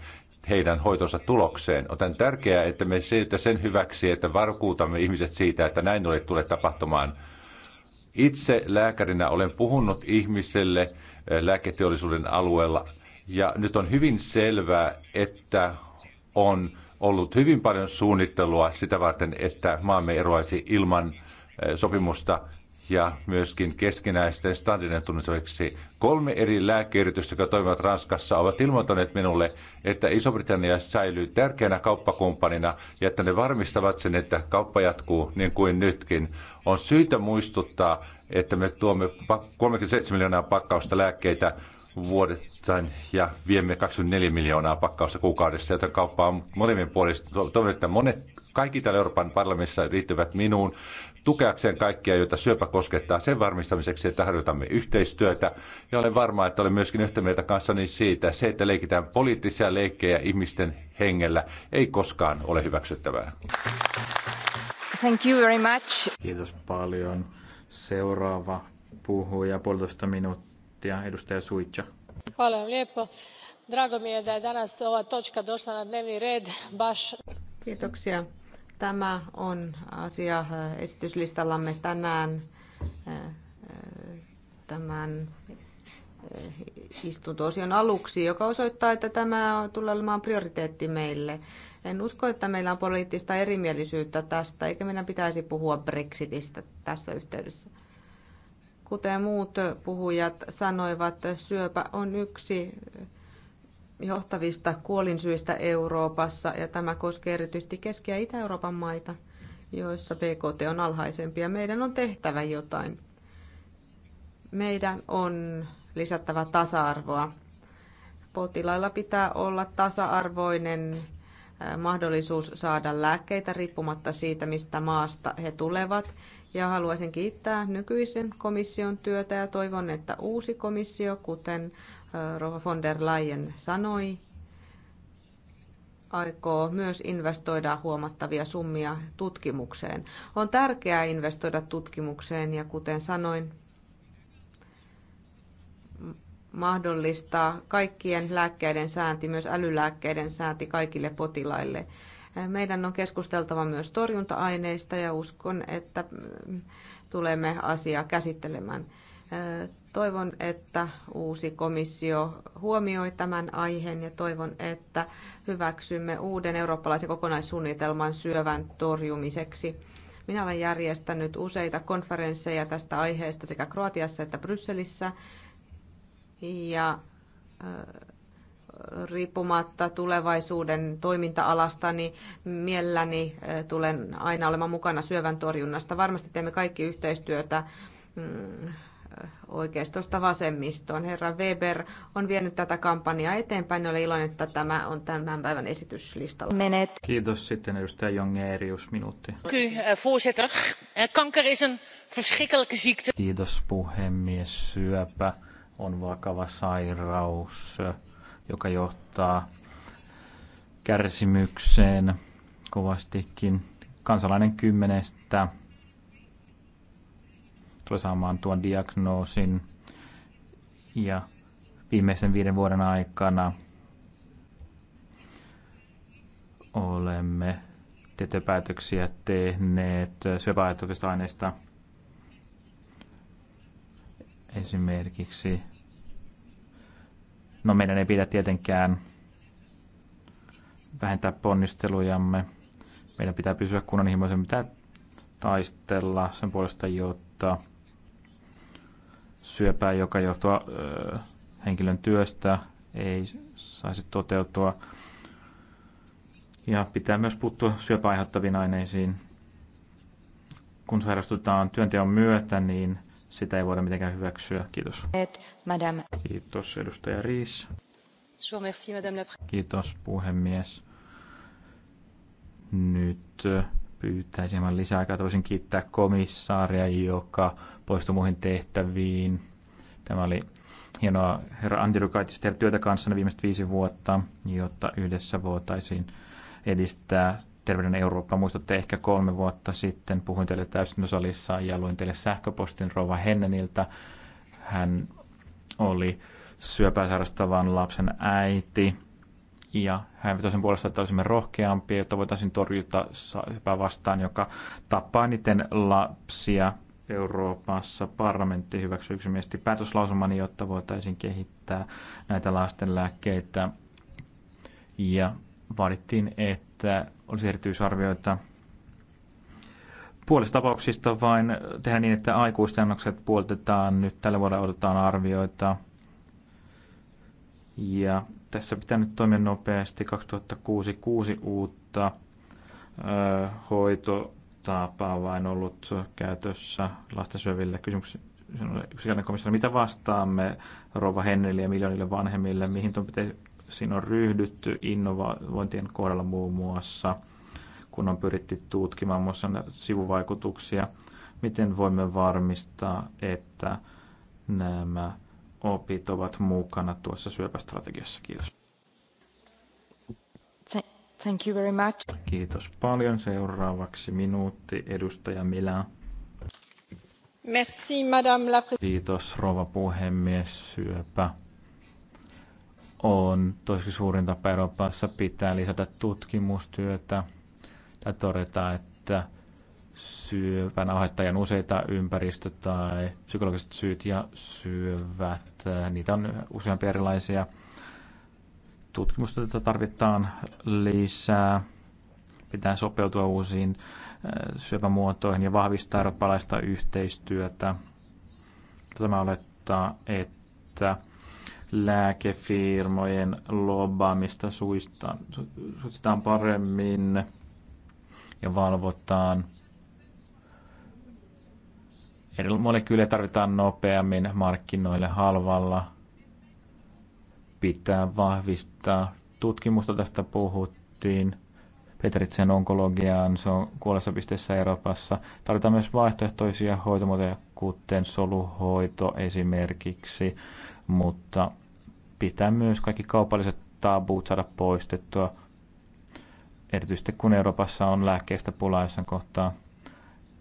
heidän hoitonsa tulokseen. On tärkeää, että me siitä sen hyväksi, että varkuutamme ihmiset siitä, että näin ei tule tapahtumaan. Itse lääkärinä olen puhunut ihmiselle eh, lääketeollisuuden alueella – ja nyt on hyvin selvää, että on ollut hyvin paljon suunnittelua sitä varten, että maamme eroaisi ilman eh, sopimusta ja myöskin keskinäisten standardien tunnustamiseksi. Kolme eri lääkeyritystä, jotka toimivat Ranskassa, ovat ilmoittaneet minulle, että Iso-Britannia säilyy tärkeänä kauppakumppanina ja että ne varmistavat sen, että kauppa jatkuu niin kuin nytkin. On syytä muistuttaa, että me tuomme 37 miljoonaa pakkausta lääkkeitä vuodettain ja viemme 24 miljoonaa pakkausta kuukaudessa, joten kauppa on molemmin puolista. Toivon, että monet, kaikki täällä Euroopan parlamentissa liittyvät minuun tukeakseen kaikkia, joita syöpä koskettaa sen varmistamiseksi, että harjoitamme yhteistyötä. Ja olen varma, että olen myöskin yhtä mieltä kanssani siitä, se, että leikitään poliittisia leikkejä ihmisten hengellä, ei koskaan ole hyväksyttävää. Thank you very much. Kiitos paljon. Seuraava puhuja puolitoista minuuttia minuuttia, edustaja Suitsa. Hvala vam lijepo. Drago mi je da je danas ova točka došla na dnevni red baš... Kiitoksia. Tämä on asia eh, esityslistallamme tänään eh, eh, tämän istuntoosion aluksi, joka osoittaa, että tämä tulee olemaan prioriteetti meille. En usko, että meillä on poliittista erimielisyyttä tästä, eikä meidän pitäisi puhua Brexitistä tässä yhteydessä. Kuten muut puhujat sanoivat, syöpä on yksi johtavista kuolinsyistä Euroopassa ja tämä koskee erityisesti Keski- ja Itä-Euroopan maita, joissa BKT on alhaisempi ja meidän on tehtävä jotain. Meidän on lisättävä tasa-arvoa. Potilailla pitää olla tasa-arvoinen äh, mahdollisuus saada lääkkeitä riippumatta siitä, mistä maasta he tulevat ja haluaisin kiittää nykyisen komission työtä ja toivon, että uusi komissio, kuten Rova von der Leyen sanoi, aikoo myös investoida huomattavia summia tutkimukseen. On tärkeää investoida tutkimukseen ja kuten sanoin, mahdollistaa kaikkien lääkkeiden saanti myös älylääkkeiden saanti kaikille potilaille. Meidän on keskusteltava myös torjunta-aineista ja uskon, että mm, tulemme asiaa käsittelemään. Toivon, että uusi komissio huomioi tämän aiheen ja toivon, että hyväksymme uuden eurooppalaisen kokonaissuunnitelman syövän torjumiseksi. Minä olen järjestänyt useita konferensseja tästä aiheesta sekä Kroatiassa että Brysselissä. Ja riippumatta tulevaisuuden toiminta niin mielelläni eh, tulen aina olemaan mukana syövän torjunnasta. Varmasti teemme kaikki yhteistyötä mm, eh, oikeistosta vasemmistoon. Herra Weber on vienyt tätä kampanjaa eteenpäin. Olen iloinen, että tämä on tämän päivän esityslistalla. Menet. Kiitos. Sitten edustaja Erius minuutti. Eh, Kiitos puhemies. Syöpä on vakava sairaus joka johtaa kärsimykseen kovastikin. Kansalainen kymmenestä tulee saamaan tuon diagnoosin ja viimeisen viiden vuoden aikana olemme tietopäätöksiä tehneet syöpäaiheuttavista aineista esimerkiksi No meidän ei pidä tietenkään vähentää ponnistelujamme. Meidän pitää pysyä kunnianhimoisen, mitä taistella sen puolesta, jotta syöpää, joka johtuu äh, henkilön työstä, ei saisi toteutua. Ja pitää myös puuttua syöpää aiheuttaviin aineisiin. Kun sairastutaan työnteon myötä, niin sitä ei voida mitenkään hyväksyä. Kiitos. Et, madame. Kiitos, edustaja Riis. Merci, madame la... Kiitos, puhemies. Nyt pyytäisin hieman lisäaikaa. Voisin kiittää komissaaria, joka poistui muihin tehtäviin. Tämä oli hienoa herra Antirukaitis tehdä työtä kanssanne viimeiset viisi vuotta, jotta yhdessä voitaisiin edistää Terveyden Eurooppa. Muistatte ehkä kolme vuotta sitten, puhuin teille täysintosalissa ja luin teille sähköpostin Rova Henneniltä. Hän oli syöpää sairastavan lapsen äiti ja hän vetosi puolesta, että olisimme rohkeampia, jotta voitaisiin torjuta syöpää vastaan, joka tappaa niiden lapsia. Euroopassa parlamentti hyväksyi yksimielisesti päätöslausuman, jotta voitaisiin kehittää näitä lasten lääkkeitä. Ja vaadittiin, että että olisi erityisarvioita puolesta tapauksista, vain tehdään niin, että aikuisten annokset puoltetaan nyt tällä vuodella odotetaan arvioita. Ja tässä pitää nyt toimia nopeasti 2006 uutta öö, hoitotapaa vain ollut käytössä lastensyöville kysymyksiä yksinkertainen komissaari, mitä vastaamme rouva Hennelle ja miljoonille vanhemmille, mihin pitäisi siinä on ryhdytty innovointien kohdalla muun muassa, kun on pyritty tutkimaan muun muassa sivuvaikutuksia, miten voimme varmistaa, että nämä opit ovat mukana tuossa syöpästrategiassa. Kiitos. Thank you very much. Kiitos paljon. Seuraavaksi minuutti edustaja Milä. Merci, madame la Kiitos, rouva puhemies. Syöpä on tosi suurin tapa Euroopassa pitää lisätä tutkimustyötä tai todeta, että syövän aiheuttajan useita ympäristö- tai psykologiset syyt ja syövät, niitä on useampia erilaisia. Tutkimustyötä tarvitaan lisää, pitää sopeutua uusiin äh, syöpämuotoihin ja vahvistaa eurooppalaista yhteistyötä. Tämä olettaa, että lääkefirmojen lobbaamista suistaan, paremmin ja valvotaan. Eri molekyylejä tarvitaan nopeammin markkinoille halvalla. Pitää vahvistaa tutkimusta, tästä puhuttiin. Petritsen onkologiaan, se on kuolessa pisteessä Euroopassa. Tarvitaan myös vaihtoehtoisia hoitomuotoja, kuten soluhoito esimerkiksi, mutta pitää myös kaikki kaupalliset tabuut saada poistettua, erityisesti kun Euroopassa on lääkkeistä pulaissa kohtaa.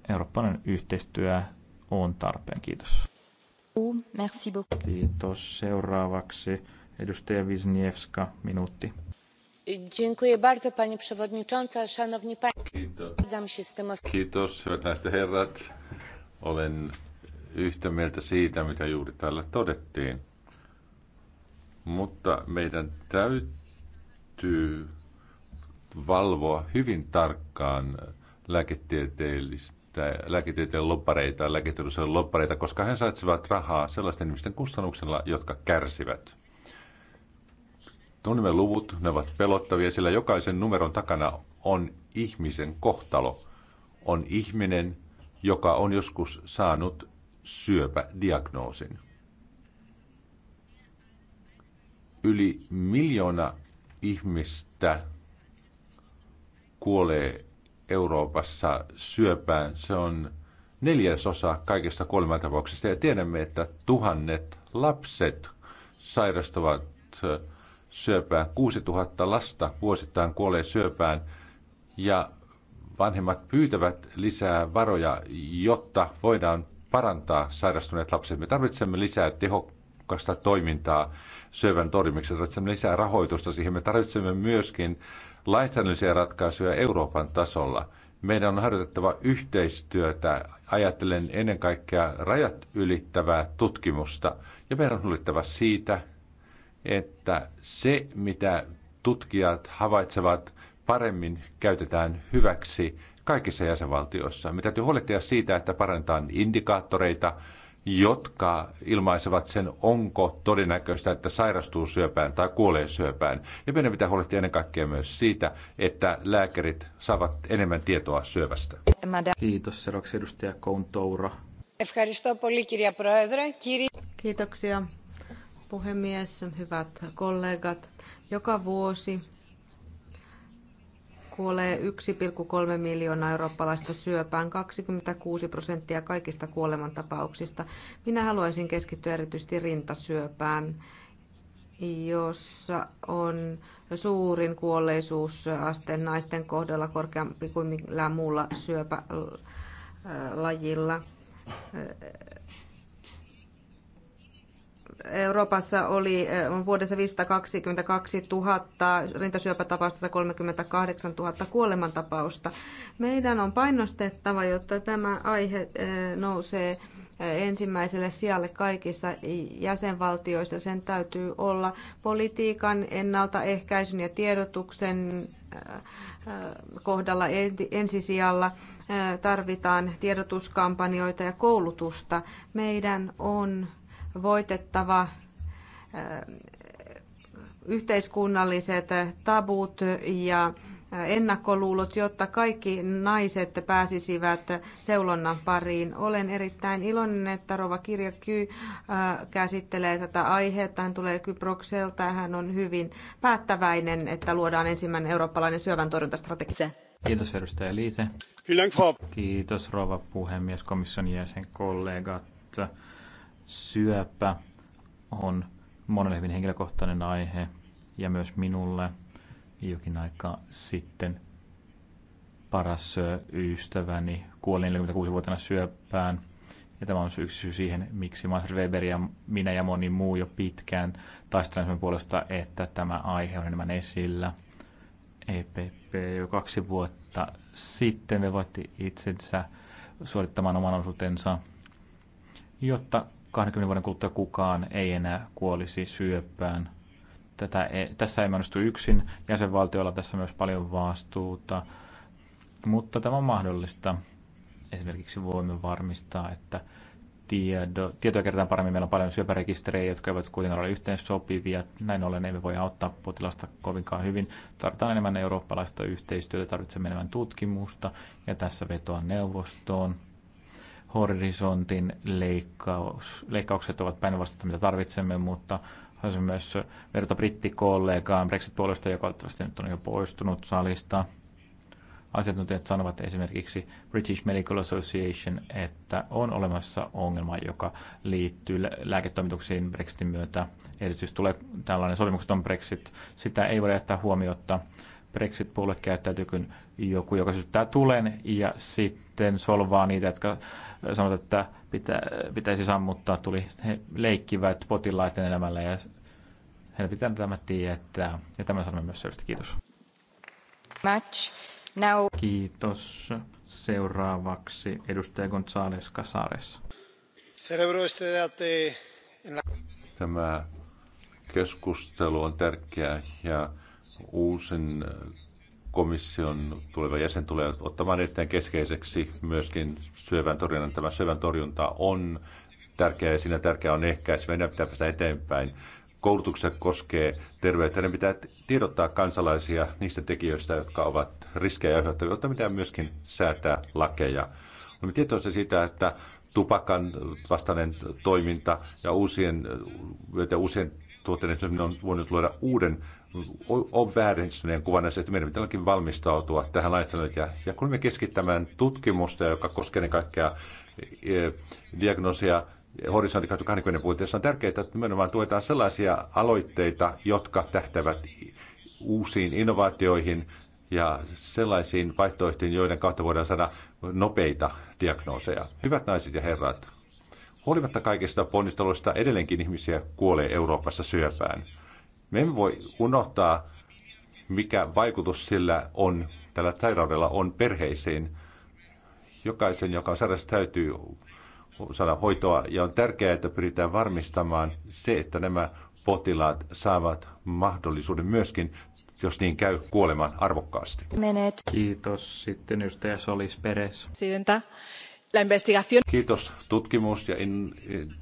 Eurooppalainen yhteistyö on tarpeen. Kiitos. Merci beaucoup. Kiitos. Seuraavaksi edustaja Wisniewska, minuutti. Dziękuję bardzo pani przewodnicząca, szanowni państwo. Kiitos, hyvät naiset herrat. Olen yhtä mieltä siitä, mitä juuri täällä todettiin mutta meidän täytyy valvoa hyvin tarkkaan lääketieteellistä, lääketieteen loppareita, lääketieteen loppareita, koska he saitsevat rahaa sellaisten ihmisten kustannuksella, jotka kärsivät. Tunnimme luvut, ne ovat pelottavia, sillä jokaisen numeron takana on ihmisen kohtalo. On ihminen, joka on joskus saanut syöpädiagnoosin. Yli miljoona ihmistä kuolee Euroopassa syöpään. Se on neljäsosa kaikista kuolemantapauksista. Ja tiedämme, että tuhannet lapset sairastavat syöpään. 6000 lasta vuosittain kuolee syöpään. Ja vanhemmat pyytävät lisää varoja, jotta voidaan parantaa sairastuneet lapset. Me tarvitsemme lisää tehokkuutta tehokasta toimintaa syövän torjumiseksi. Tarvitsemme lisää rahoitusta siihen. Me tarvitsemme myöskin lainsäädännöllisiä ratkaisuja Euroopan tasolla. Meidän on harjoitettava yhteistyötä, ajattelen ennen kaikkea rajat ylittävää tutkimusta. Ja meidän on huolittava siitä, että se, mitä tutkijat havaitsevat paremmin, käytetään hyväksi kaikissa jäsenvaltioissa. Me täytyy huolehtia siitä, että parantaa indikaattoreita, jotka ilmaisevat sen, onko todennäköistä, että sairastuu syöpään tai kuolee syöpään. Ja meidän pitää huolehtia ennen kaikkea myös siitä, että lääkärit saavat enemmän tietoa syövästä. Kiitos. Seuraavaksi edustaja Kountoura. Kiitoksia puhemies, hyvät kollegat. Joka vuosi kuolee 1,3 miljoonaa eurooppalaista syöpään, 26 prosenttia kaikista kuolemantapauksista. Minä haluaisin keskittyä erityisesti rintasyöpään, jossa on suurin kuolleisuusaste naisten kohdalla korkeampi kuin millään muulla syöpälajilla Euroopassa oli eh, vuodessa 522 000 rintasyöpätapausta, 38 000 kuolemantapausta. Meidän on painostettava, jotta tämä aihe eh, nousee eh, ensimmäiselle sijalle kaikissa jäsenvaltioissa. Sen täytyy olla politiikan, ennaltaehkäisyn ja tiedotuksen kohdalla ensisijalla tarvitaan tiedotuskampanjoita ja koulutusta. Meidän on voitettava yhteiskunnalliset tabut ja ennakkoluulot, jotta kaikki naiset pääsisivät seulonnan pariin. Olen erittäin iloinen, että Rova Kirja Ky käsittelee tätä aihetta. Hän tulee Kyprokselta. Hän on hyvin päättäväinen, että luodaan ensimmäinen eurooppalainen syövän torjuntastrategia. Kiitos edustaja Liise. Kiitos rova puhemies, komission jäsen, kollegat syöpä on monelle hyvin henkilökohtainen aihe ja myös minulle jokin aika sitten paras ystäväni kuoli 46-vuotiaana syöpään. Ja tämä on yksi syy siihen, miksi Manfred Weber ja minä ja moni muu jo pitkään sen puolesta, että tämä aihe on enemmän esillä. EPP jo kaksi vuotta sitten vevoitti itsensä suorittamaan oman osuutensa, jotta 20 vuoden kuluttua kukaan ei enää kuolisi syöpään. Tätä ei, tässä ei mainostu yksin. Jäsenvaltioilla tässä myös paljon vastuuta, mutta tämä on mahdollista. Esimerkiksi voimme varmistaa, että tiedo, tietoja kerätään paremmin. Meillä on paljon syöpärekisterejä, jotka eivät kuitenkaan ole yhteen sopivia. Näin ollen emme voi auttaa potilasta kovinkaan hyvin. Tarvitaan enemmän eurooppalaista yhteistyötä, tarvitsemme enemmän tutkimusta ja tässä vetoa neuvostoon horisontin leikkaus, leikkaukset ovat päinvastaista, mitä tarvitsemme, mutta haluaisin myös verrata brittikollegaan Brexit-puolesta, joka toivottavasti nyt on jo poistunut salista. Asiantuntijat sanovat esimerkiksi British Medical Association, että on olemassa ongelma, joka liittyy lääketoimituksiin Brexitin myötä. Erityisesti tulee tällainen sopimukseton Brexit. Sitä ei voida jättää huomiota. Brexit-puolue käyttäytyy kuin joku, joka syyttää tulen ja sitten solvaa niitä, jotka sanovat, että pitä, pitäisi sammuttaa, tuli, he leikkivät potilaiden elämällä ja heidän pitää tämä tietää. Ja tämä sanon myös selvästi. Kiitos. Match. Now. Kiitos. Seuraavaksi edustaja González Casares. Tämä keskustelu on tärkeä ja uusin komission tuleva jäsen tulee ottamaan erittäin keskeiseksi myöskin syövän torjunnan. Tämä syövän torjunta on tärkeää ja siinä tärkeää on ehkäisy. Meidän pitää päästä eteenpäin. Koulutukset koskee terveyttä. Ne pitää tiedottaa kansalaisia niistä tekijöistä, jotka ovat riskejä aiheuttavia, mutta pitää myöskin säätää lakeja. Olemme tietoisia siitä, että tupakan vastainen toiminta ja uusien, uusien tuotteiden on voinut luoda uuden on väärin kuva kuvan että meidän pitää valmistautua tähän lainsäädäntöön. Ja kun me keskittämään tutkimusta, joka koskee ne kaikkea e, diagnoosia, horisontti 20 puitteissa on tärkeää, että nimenomaan tuetaan sellaisia aloitteita, jotka tähtävät uusiin innovaatioihin ja sellaisiin vaihtoehtoihin, joiden kautta voidaan saada nopeita diagnooseja. Hyvät naiset ja herrat, huolimatta kaikista ponnisteluista edelleenkin ihmisiä kuolee Euroopassa syöpään. Me emme voi unohtaa, mikä vaikutus sillä on, tällä sairaudella on perheisiin. Jokaisen, joka on sairas, täytyy saada hoitoa ja on tärkeää, että pyritään varmistamaan se, että nämä potilaat saavat mahdollisuuden myöskin, jos niin käy, kuolemaan arvokkaasti. Menet. Kiitos. Sitten edustaja Solis Peres. Kiitos. Tutkimus ja in, in,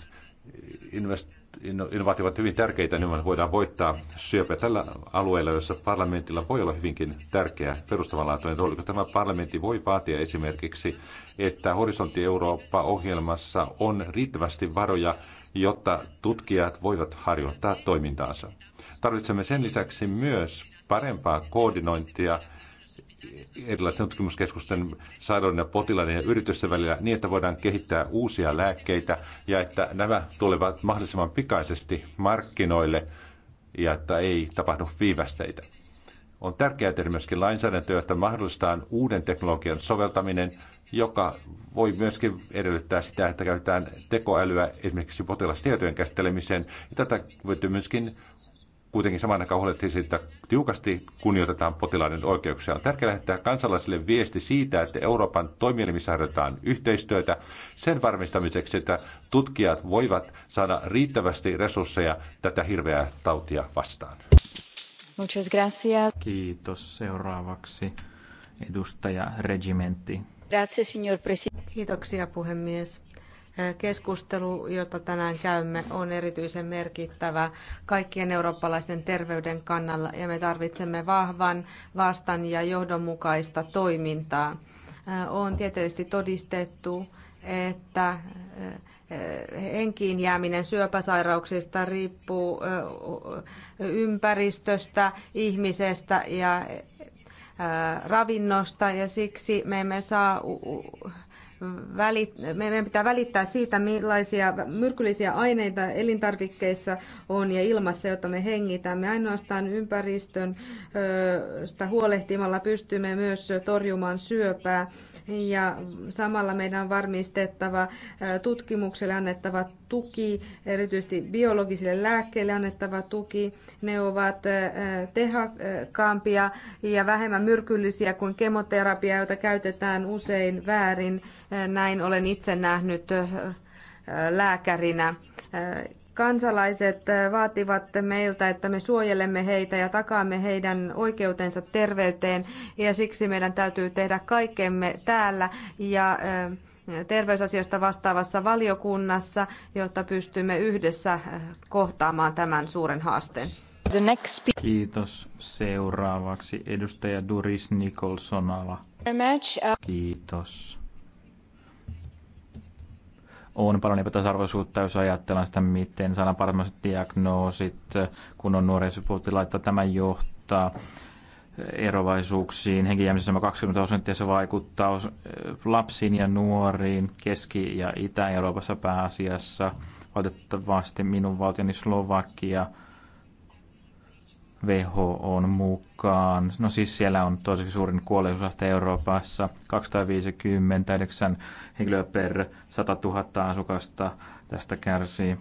invest, innovaatiot ovat hyvin tärkeitä, niin voidaan voittaa syöpä tällä alueella, jossa parlamentilla voi olla hyvinkin tärkeä perustavanlaatuinen rooli. Tämä parlamentti voi vaatia esimerkiksi, että Horisontti Eurooppa-ohjelmassa on riittävästi varoja, jotta tutkijat voivat harjoittaa toimintaansa. Tarvitsemme sen lisäksi myös parempaa koordinointia erilaisten tutkimuskeskusten sairauden ja potilaiden ja yritysten välillä niin, että voidaan kehittää uusia lääkkeitä ja että nämä tulevat mahdollisimman pikaisesti markkinoille ja että ei tapahdu viivästeitä. On tärkeää tehdä myöskin lainsäädäntöä, että mahdollistetaan uuden teknologian soveltaminen, joka voi myöskin edellyttää sitä, että käytetään tekoälyä esimerkiksi potilastietojen käsittelemiseen. Ja tätä voi myöskin kuitenkin samaan aikaan huolehtii siitä, että tiukasti kunnioitetaan potilaiden oikeuksia. On tärkeää lähettää kansalaisille viesti siitä, että Euroopan toimielimissä harjoitetaan yhteistyötä sen varmistamiseksi, että tutkijat voivat saada riittävästi resursseja tätä hirveää tautia vastaan. Muchas gracias. Kiitos. Seuraavaksi edustaja Regimentti. Grazie, signor Presidente. Kiitoksia, puhemies. Keskustelu, jota tänään käymme, on erityisen merkittävä kaikkien eurooppalaisten terveyden kannalla ja me tarvitsemme vahvan, vastan ja johdonmukaista toimintaa. On tieteellisesti todistettu, että henkiin jääminen syöpäsairauksista riippuu ympäristöstä, ihmisestä ja ravinnosta ja siksi me emme saa välit, meidän pitää välittää siitä, millaisia myrkyllisiä aineita elintarvikkeissa on ja ilmassa, jota me hengitämme. Ainoastaan ympäristön sitä huolehtimalla pystymme myös torjumaan syöpää ja samalla meidän on varmistettava tutkimukselle annettava tuki, erityisesti biologisille lääkkeille annettava tuki. Ne ovat tehokkaampia ja vähemmän myrkyllisiä kuin kemoterapia, jota käytetään usein väärin. Näin olen itse nähnyt lääkärinä Kansalaiset äh, vaativat meiltä, että me suojelemme heitä ja takaamme heidän oikeutensa terveyteen ja siksi meidän täytyy tehdä kaikkemme täällä ja äh, terveysasioista vastaavassa valiokunnassa, jotta pystymme yhdessä äh, kohtaamaan tämän suuren haasteen. Kiitos. Seuraavaksi edustaja Duris Nikolsonala. Uh- Kiitos on paljon epätasarvoisuutta, jos ajatellaan sitä, miten saadaan paremmat diagnoosit, kun on nuoria laittaa tämä johtaa erovaisuuksiin. Henkijäämisessä 20 prosenttia se vaikuttaa lapsiin ja nuoriin Keski- ja Itä-Euroopassa pääasiassa. Valitettavasti minun valtioni Slovakia – WHOn mukaan. No siis siellä on toiseksi suurin kuolleisuusaste Euroopassa, 259 henkilöä per 100 000 asukasta tästä kärsii.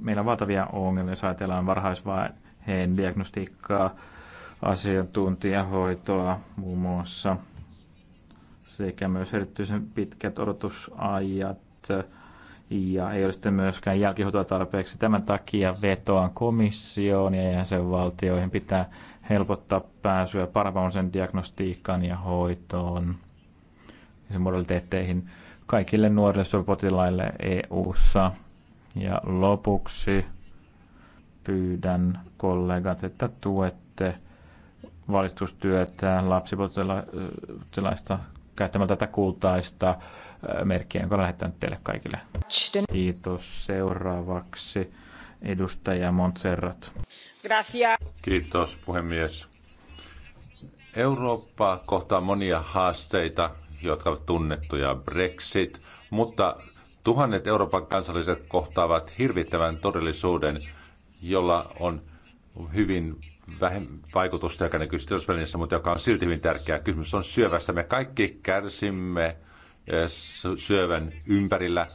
Meillä on valtavia ongelmia, jos ajatellaan varhaisvaiheen diagnostiikkaa, asiantuntijahoitoa muun muassa sekä myös erityisen pitkät odotusajat ja ei ole sitten myöskään jälkihoitoa tarpeeksi. Tämän takia vetoan komissioon ja jäsenvaltioihin pitää helpottaa pääsyä parvaonsen diagnostiikkaan ja hoitoon ja modaliteetteihin kaikille nuorille potilaille EU-ssa. Ja lopuksi pyydän kollegat, että tuette valistustyötä lapsipotilaista käyttämällä tätä kultaista merkkiä, jonka olen lähettänyt teille kaikille. Kiitos. Seuraavaksi edustaja Montserrat. Kiitos puhemies. Eurooppa kohtaa monia haasteita, jotka ovat tunnettuja. Brexit, mutta tuhannet Euroopan kansalliset kohtaavat hirvittävän todellisuuden, jolla on hyvin vaikutusta, joka näkyy sidosvälineissä, mutta joka on silti hyvin tärkeä. Kysymys on syövästä. Me kaikki kärsimme eh, syövän ympärillä.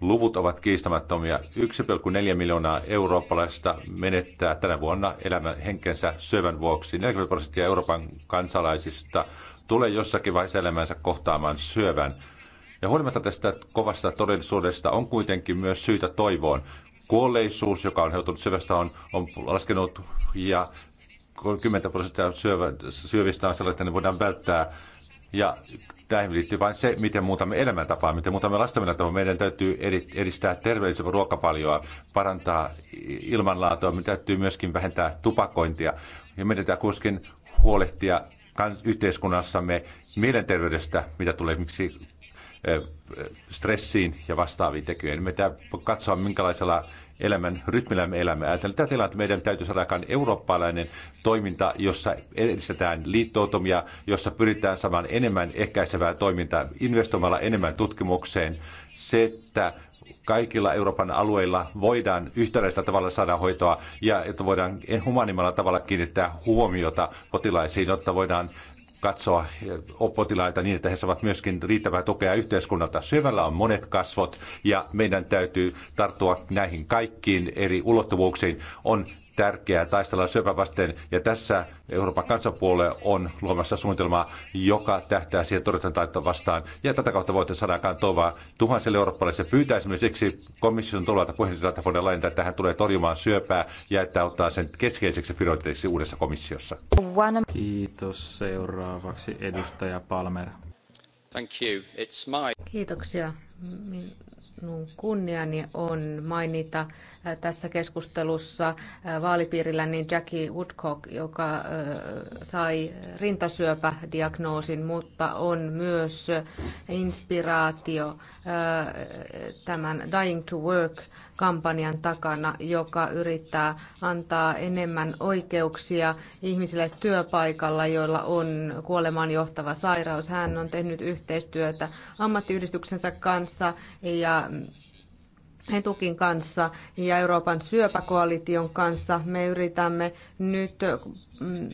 Luvut ovat kiistämättömiä. 1,4 miljoonaa eurooppalaista menettää tänä vuonna elämän henkensä syövän vuoksi. 40 prosenttia Euroopan kansalaisista tulee jossakin vaiheessa elämänsä kohtaamaan syövän. Ja huolimatta tästä kovasta todellisuudesta on kuitenkin myös syytä toivoon. Kuolleisuus, joka on heutunut syvästä, on, on laskenut ja 30 prosenttia syövistä on sellaista, että ne voidaan välttää. Ja tähän liittyy vain se, miten muutamme elämäntapaa, miten muutamme lastenmennätapaa. Meidän täytyy edistää terveellisempää ruokapaljoa, parantaa ilmanlaatua, meidän täytyy myöskin vähentää tupakointia. Ja meidän täytyy kuitenkin huolehtia yhteiskunnassamme mielenterveydestä, mitä tulee miksi stressiin ja vastaaviin tekijöihin. Meidän täytyy katsoa, minkälaisella elämän rytmillä me elämme. Ajatellaan tätä tilannetta, meidän täytyy saada aikaan eurooppalainen toiminta, jossa edistetään liittoutumia, jossa pyritään saamaan enemmän ehkäisevää toimintaa, investoimalla enemmän tutkimukseen. Se, että kaikilla Euroopan alueilla voidaan yhtäläisellä tavalla saada hoitoa ja että voidaan humanimmalla tavalla kiinnittää huomiota potilaisiin, jotta voidaan katsoa oppotilaita niin, että he saavat myöskin riittävää tukea yhteiskunnalta. Syvällä on monet kasvot ja meidän täytyy tarttua näihin kaikkiin eri ulottuvuuksiin. On tärkeää taistella syöpää vasten. Ja tässä Euroopan kansanpuolue on luomassa suunnitelmaa, joka tähtää siihen torjuntan vastaan. Ja tätä kautta voitte saada aikaan tovaa tuhansille eurooppalaisille. Pyytäisimme myös siksi komission tulevalta puheenjohtajalta voidaan laajentaa, että hän tulee torjumaan syöpää ja että ottaa sen keskeiseksi prioriteetiksi uudessa komissiossa. Kiitos. Seuraavaksi edustaja Palmer. Kiitoksia. Minun kunniani on mainita äh, tässä keskustelussa äh, vaalipiirilläni niin Jackie Woodcock, joka äh, sai rintasyöpädiagnoosin, mutta on myös inspiraatio tämän Dying to Work kampanjan takana, joka yrittää antaa enemmän oikeuksia ihmisille työpaikalla, joilla on kuolemaan johtava sairaus. Hän on tehnyt yhteistyötä ammattiyhdistyksensä kanssa ja Etukin kanssa ja Euroopan syöpäkoalition kanssa. Me yritämme nyt mm,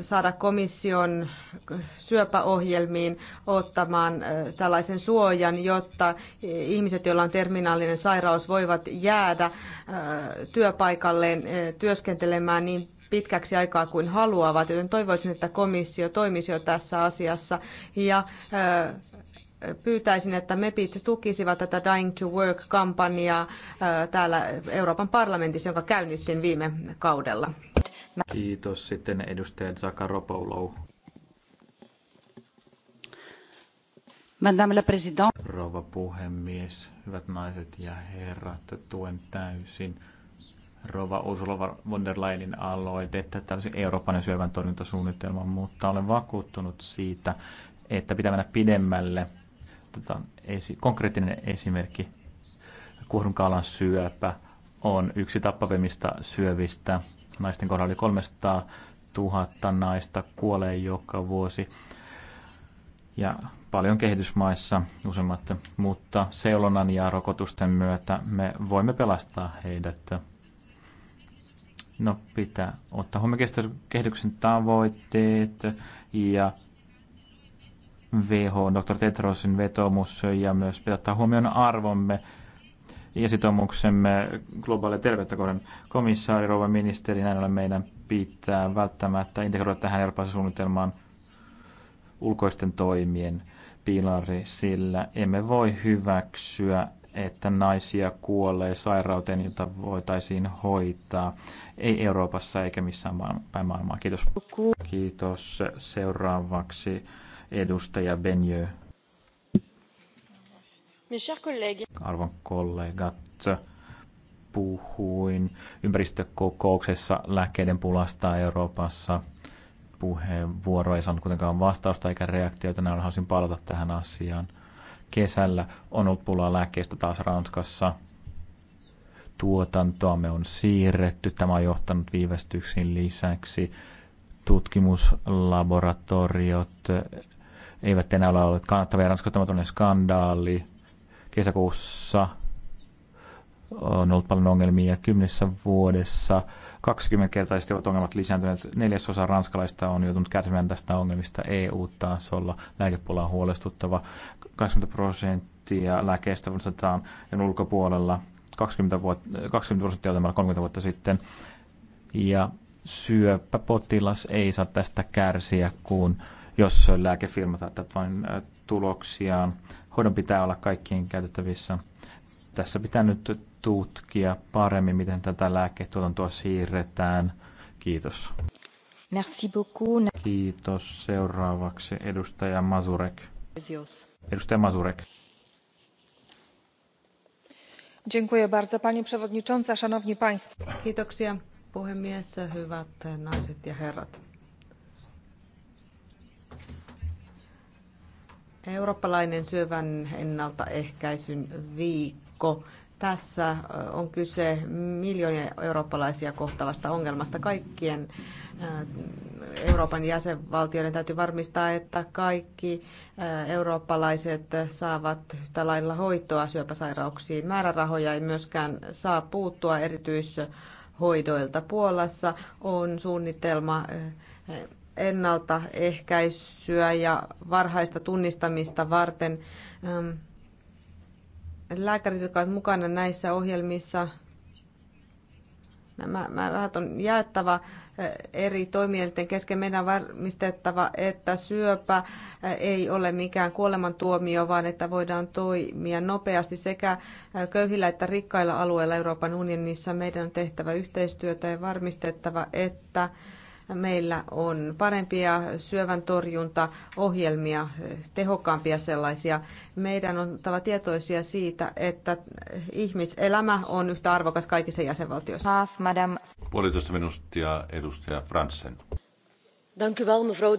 saada komission syöpäohjelmiin ottamaan tällaisen suojan, jotta ihmiset, joilla on terminaalinen sairaus, voivat jäädä työpaikalleen työskentelemään niin pitkäksi aikaa kuin haluavat, joten toivoisin, että komissio toimisi jo tässä asiassa ja pyytäisin, että MEPit tukisivat tätä Dying to Work-kampanjaa äh, täällä Euroopan parlamentissa, jonka käynnistin viime kaudella. Kiitos sitten edustaja Zakaropoulou. Madame la Présidente. Rouva puhemies, hyvät naiset ja herrat, tuen täysin Rova Ursula von der Leyenin aloitetta tällaisen Euroopan syövän torjuntasuunnitelman, mutta olen vakuuttunut siitä, että pitää mennä pidemmälle – tota, esi- konkreettinen esimerkki. Kuohunkaalan syöpä on yksi tappavimmista syövistä. Naisten kohdalla oli 300 000 naista kuolee joka vuosi. Ja paljon kehitysmaissa useimmat, mutta seulonnan ja rokotusten myötä me voimme pelastaa heidät. No pitää ottaa huomioon kehityksen tavoitteet ja Vh. Dr. Tetrosin vetomus ja myös pitää ottaa huomioon arvomme ja sitoumuksemme globaali terveyttä kohden komissaari, rouva ministeri, näin ollen meidän pitää välttämättä integroida tähän Euroopan suunnitelmaan ulkoisten toimien pilari, sillä emme voi hyväksyä, että naisia kuolee sairauteen, jota voitaisiin hoitaa. Ei Euroopassa eikä missään päin maailmaa. Kiitos. Kiitos. Seuraavaksi edustaja Benjö. Arvon kollegat, puhuin ympäristökokouksessa lääkkeiden pulasta Euroopassa. Puheenvuoro ei saanut kuitenkaan vastausta eikä reaktiota, näin haluaisin palata tähän asiaan. Kesällä on ollut pulaa lääkkeistä taas Ranskassa. Tuotantoamme on siirretty. Tämä on johtanut viivästyksiin lisäksi tutkimuslaboratoriot eivät enää ole olleet kannattavia. Ranskassa tämä on skandaali. Kesäkuussa on ollut paljon ongelmia. Kymmenessä vuodessa 20-kertaisesti ovat ongelmat lisääntyneet. Neljäsosa ranskalaista on joutunut kärsimään tästä ongelmista EU-tasolla. Lääkepuolella on huolestuttava. 80 prosenttia lääkeistä ja ulkopuolella 20, vuotta, 20 prosenttia olemalla 30 vuotta sitten. Ja syöpäpotilas ei saa tästä kärsiä, kun jos lääkefirma tätä vain tuloksiaan. Hoidon pitää olla kaikkien käytettävissä. Tässä pitää nyt tutkia paremmin, miten tätä lääketuotantoa siirretään. Kiitos. Merci beaucoup. Kiitos. Seuraavaksi edustaja Mazurek. Edustaja Mazurek. Dziękuję bardzo, pani przewodnicząca, szanowni państwo. Kiitoksia, puhemies, hyvät naiset ja herrat. Eurooppalainen syövän ennaltaehkäisyn viikko. Tässä on kyse miljoonia eurooppalaisia kohtavasta ongelmasta. Kaikkien Euroopan jäsenvaltioiden täytyy varmistaa, että kaikki eurooppalaiset saavat yhtä lailla hoitoa syöpäsairauksiin. Määrärahoja ei myöskään saa puuttua erityishoidoilta. Puolassa on suunnitelma ennaltaehkäisyä ja varhaista tunnistamista varten. Ähm, lääkärit, jotka ovat mukana näissä ohjelmissa, nämä rahat on jaettava äh, eri toimielinten kesken. Meidän on varmistettava, että syöpä äh, ei ole mikään kuolemantuomio, vaan että voidaan toimia nopeasti sekä äh, köyhillä että rikkailla alueilla Euroopan unionissa. Meidän on tehtävä yhteistyötä ja varmistettava, että Meillä on parempia syövän torjuntaohjelmia, tehokkaampia sellaisia. Meidän on oltava tietoisia siitä, että ihmiselämä on yhtä arvokas kaikissa jäsenvaltioissa. Puolitoista minuuttia edustaja Fransen. Dank u wel, mevrouw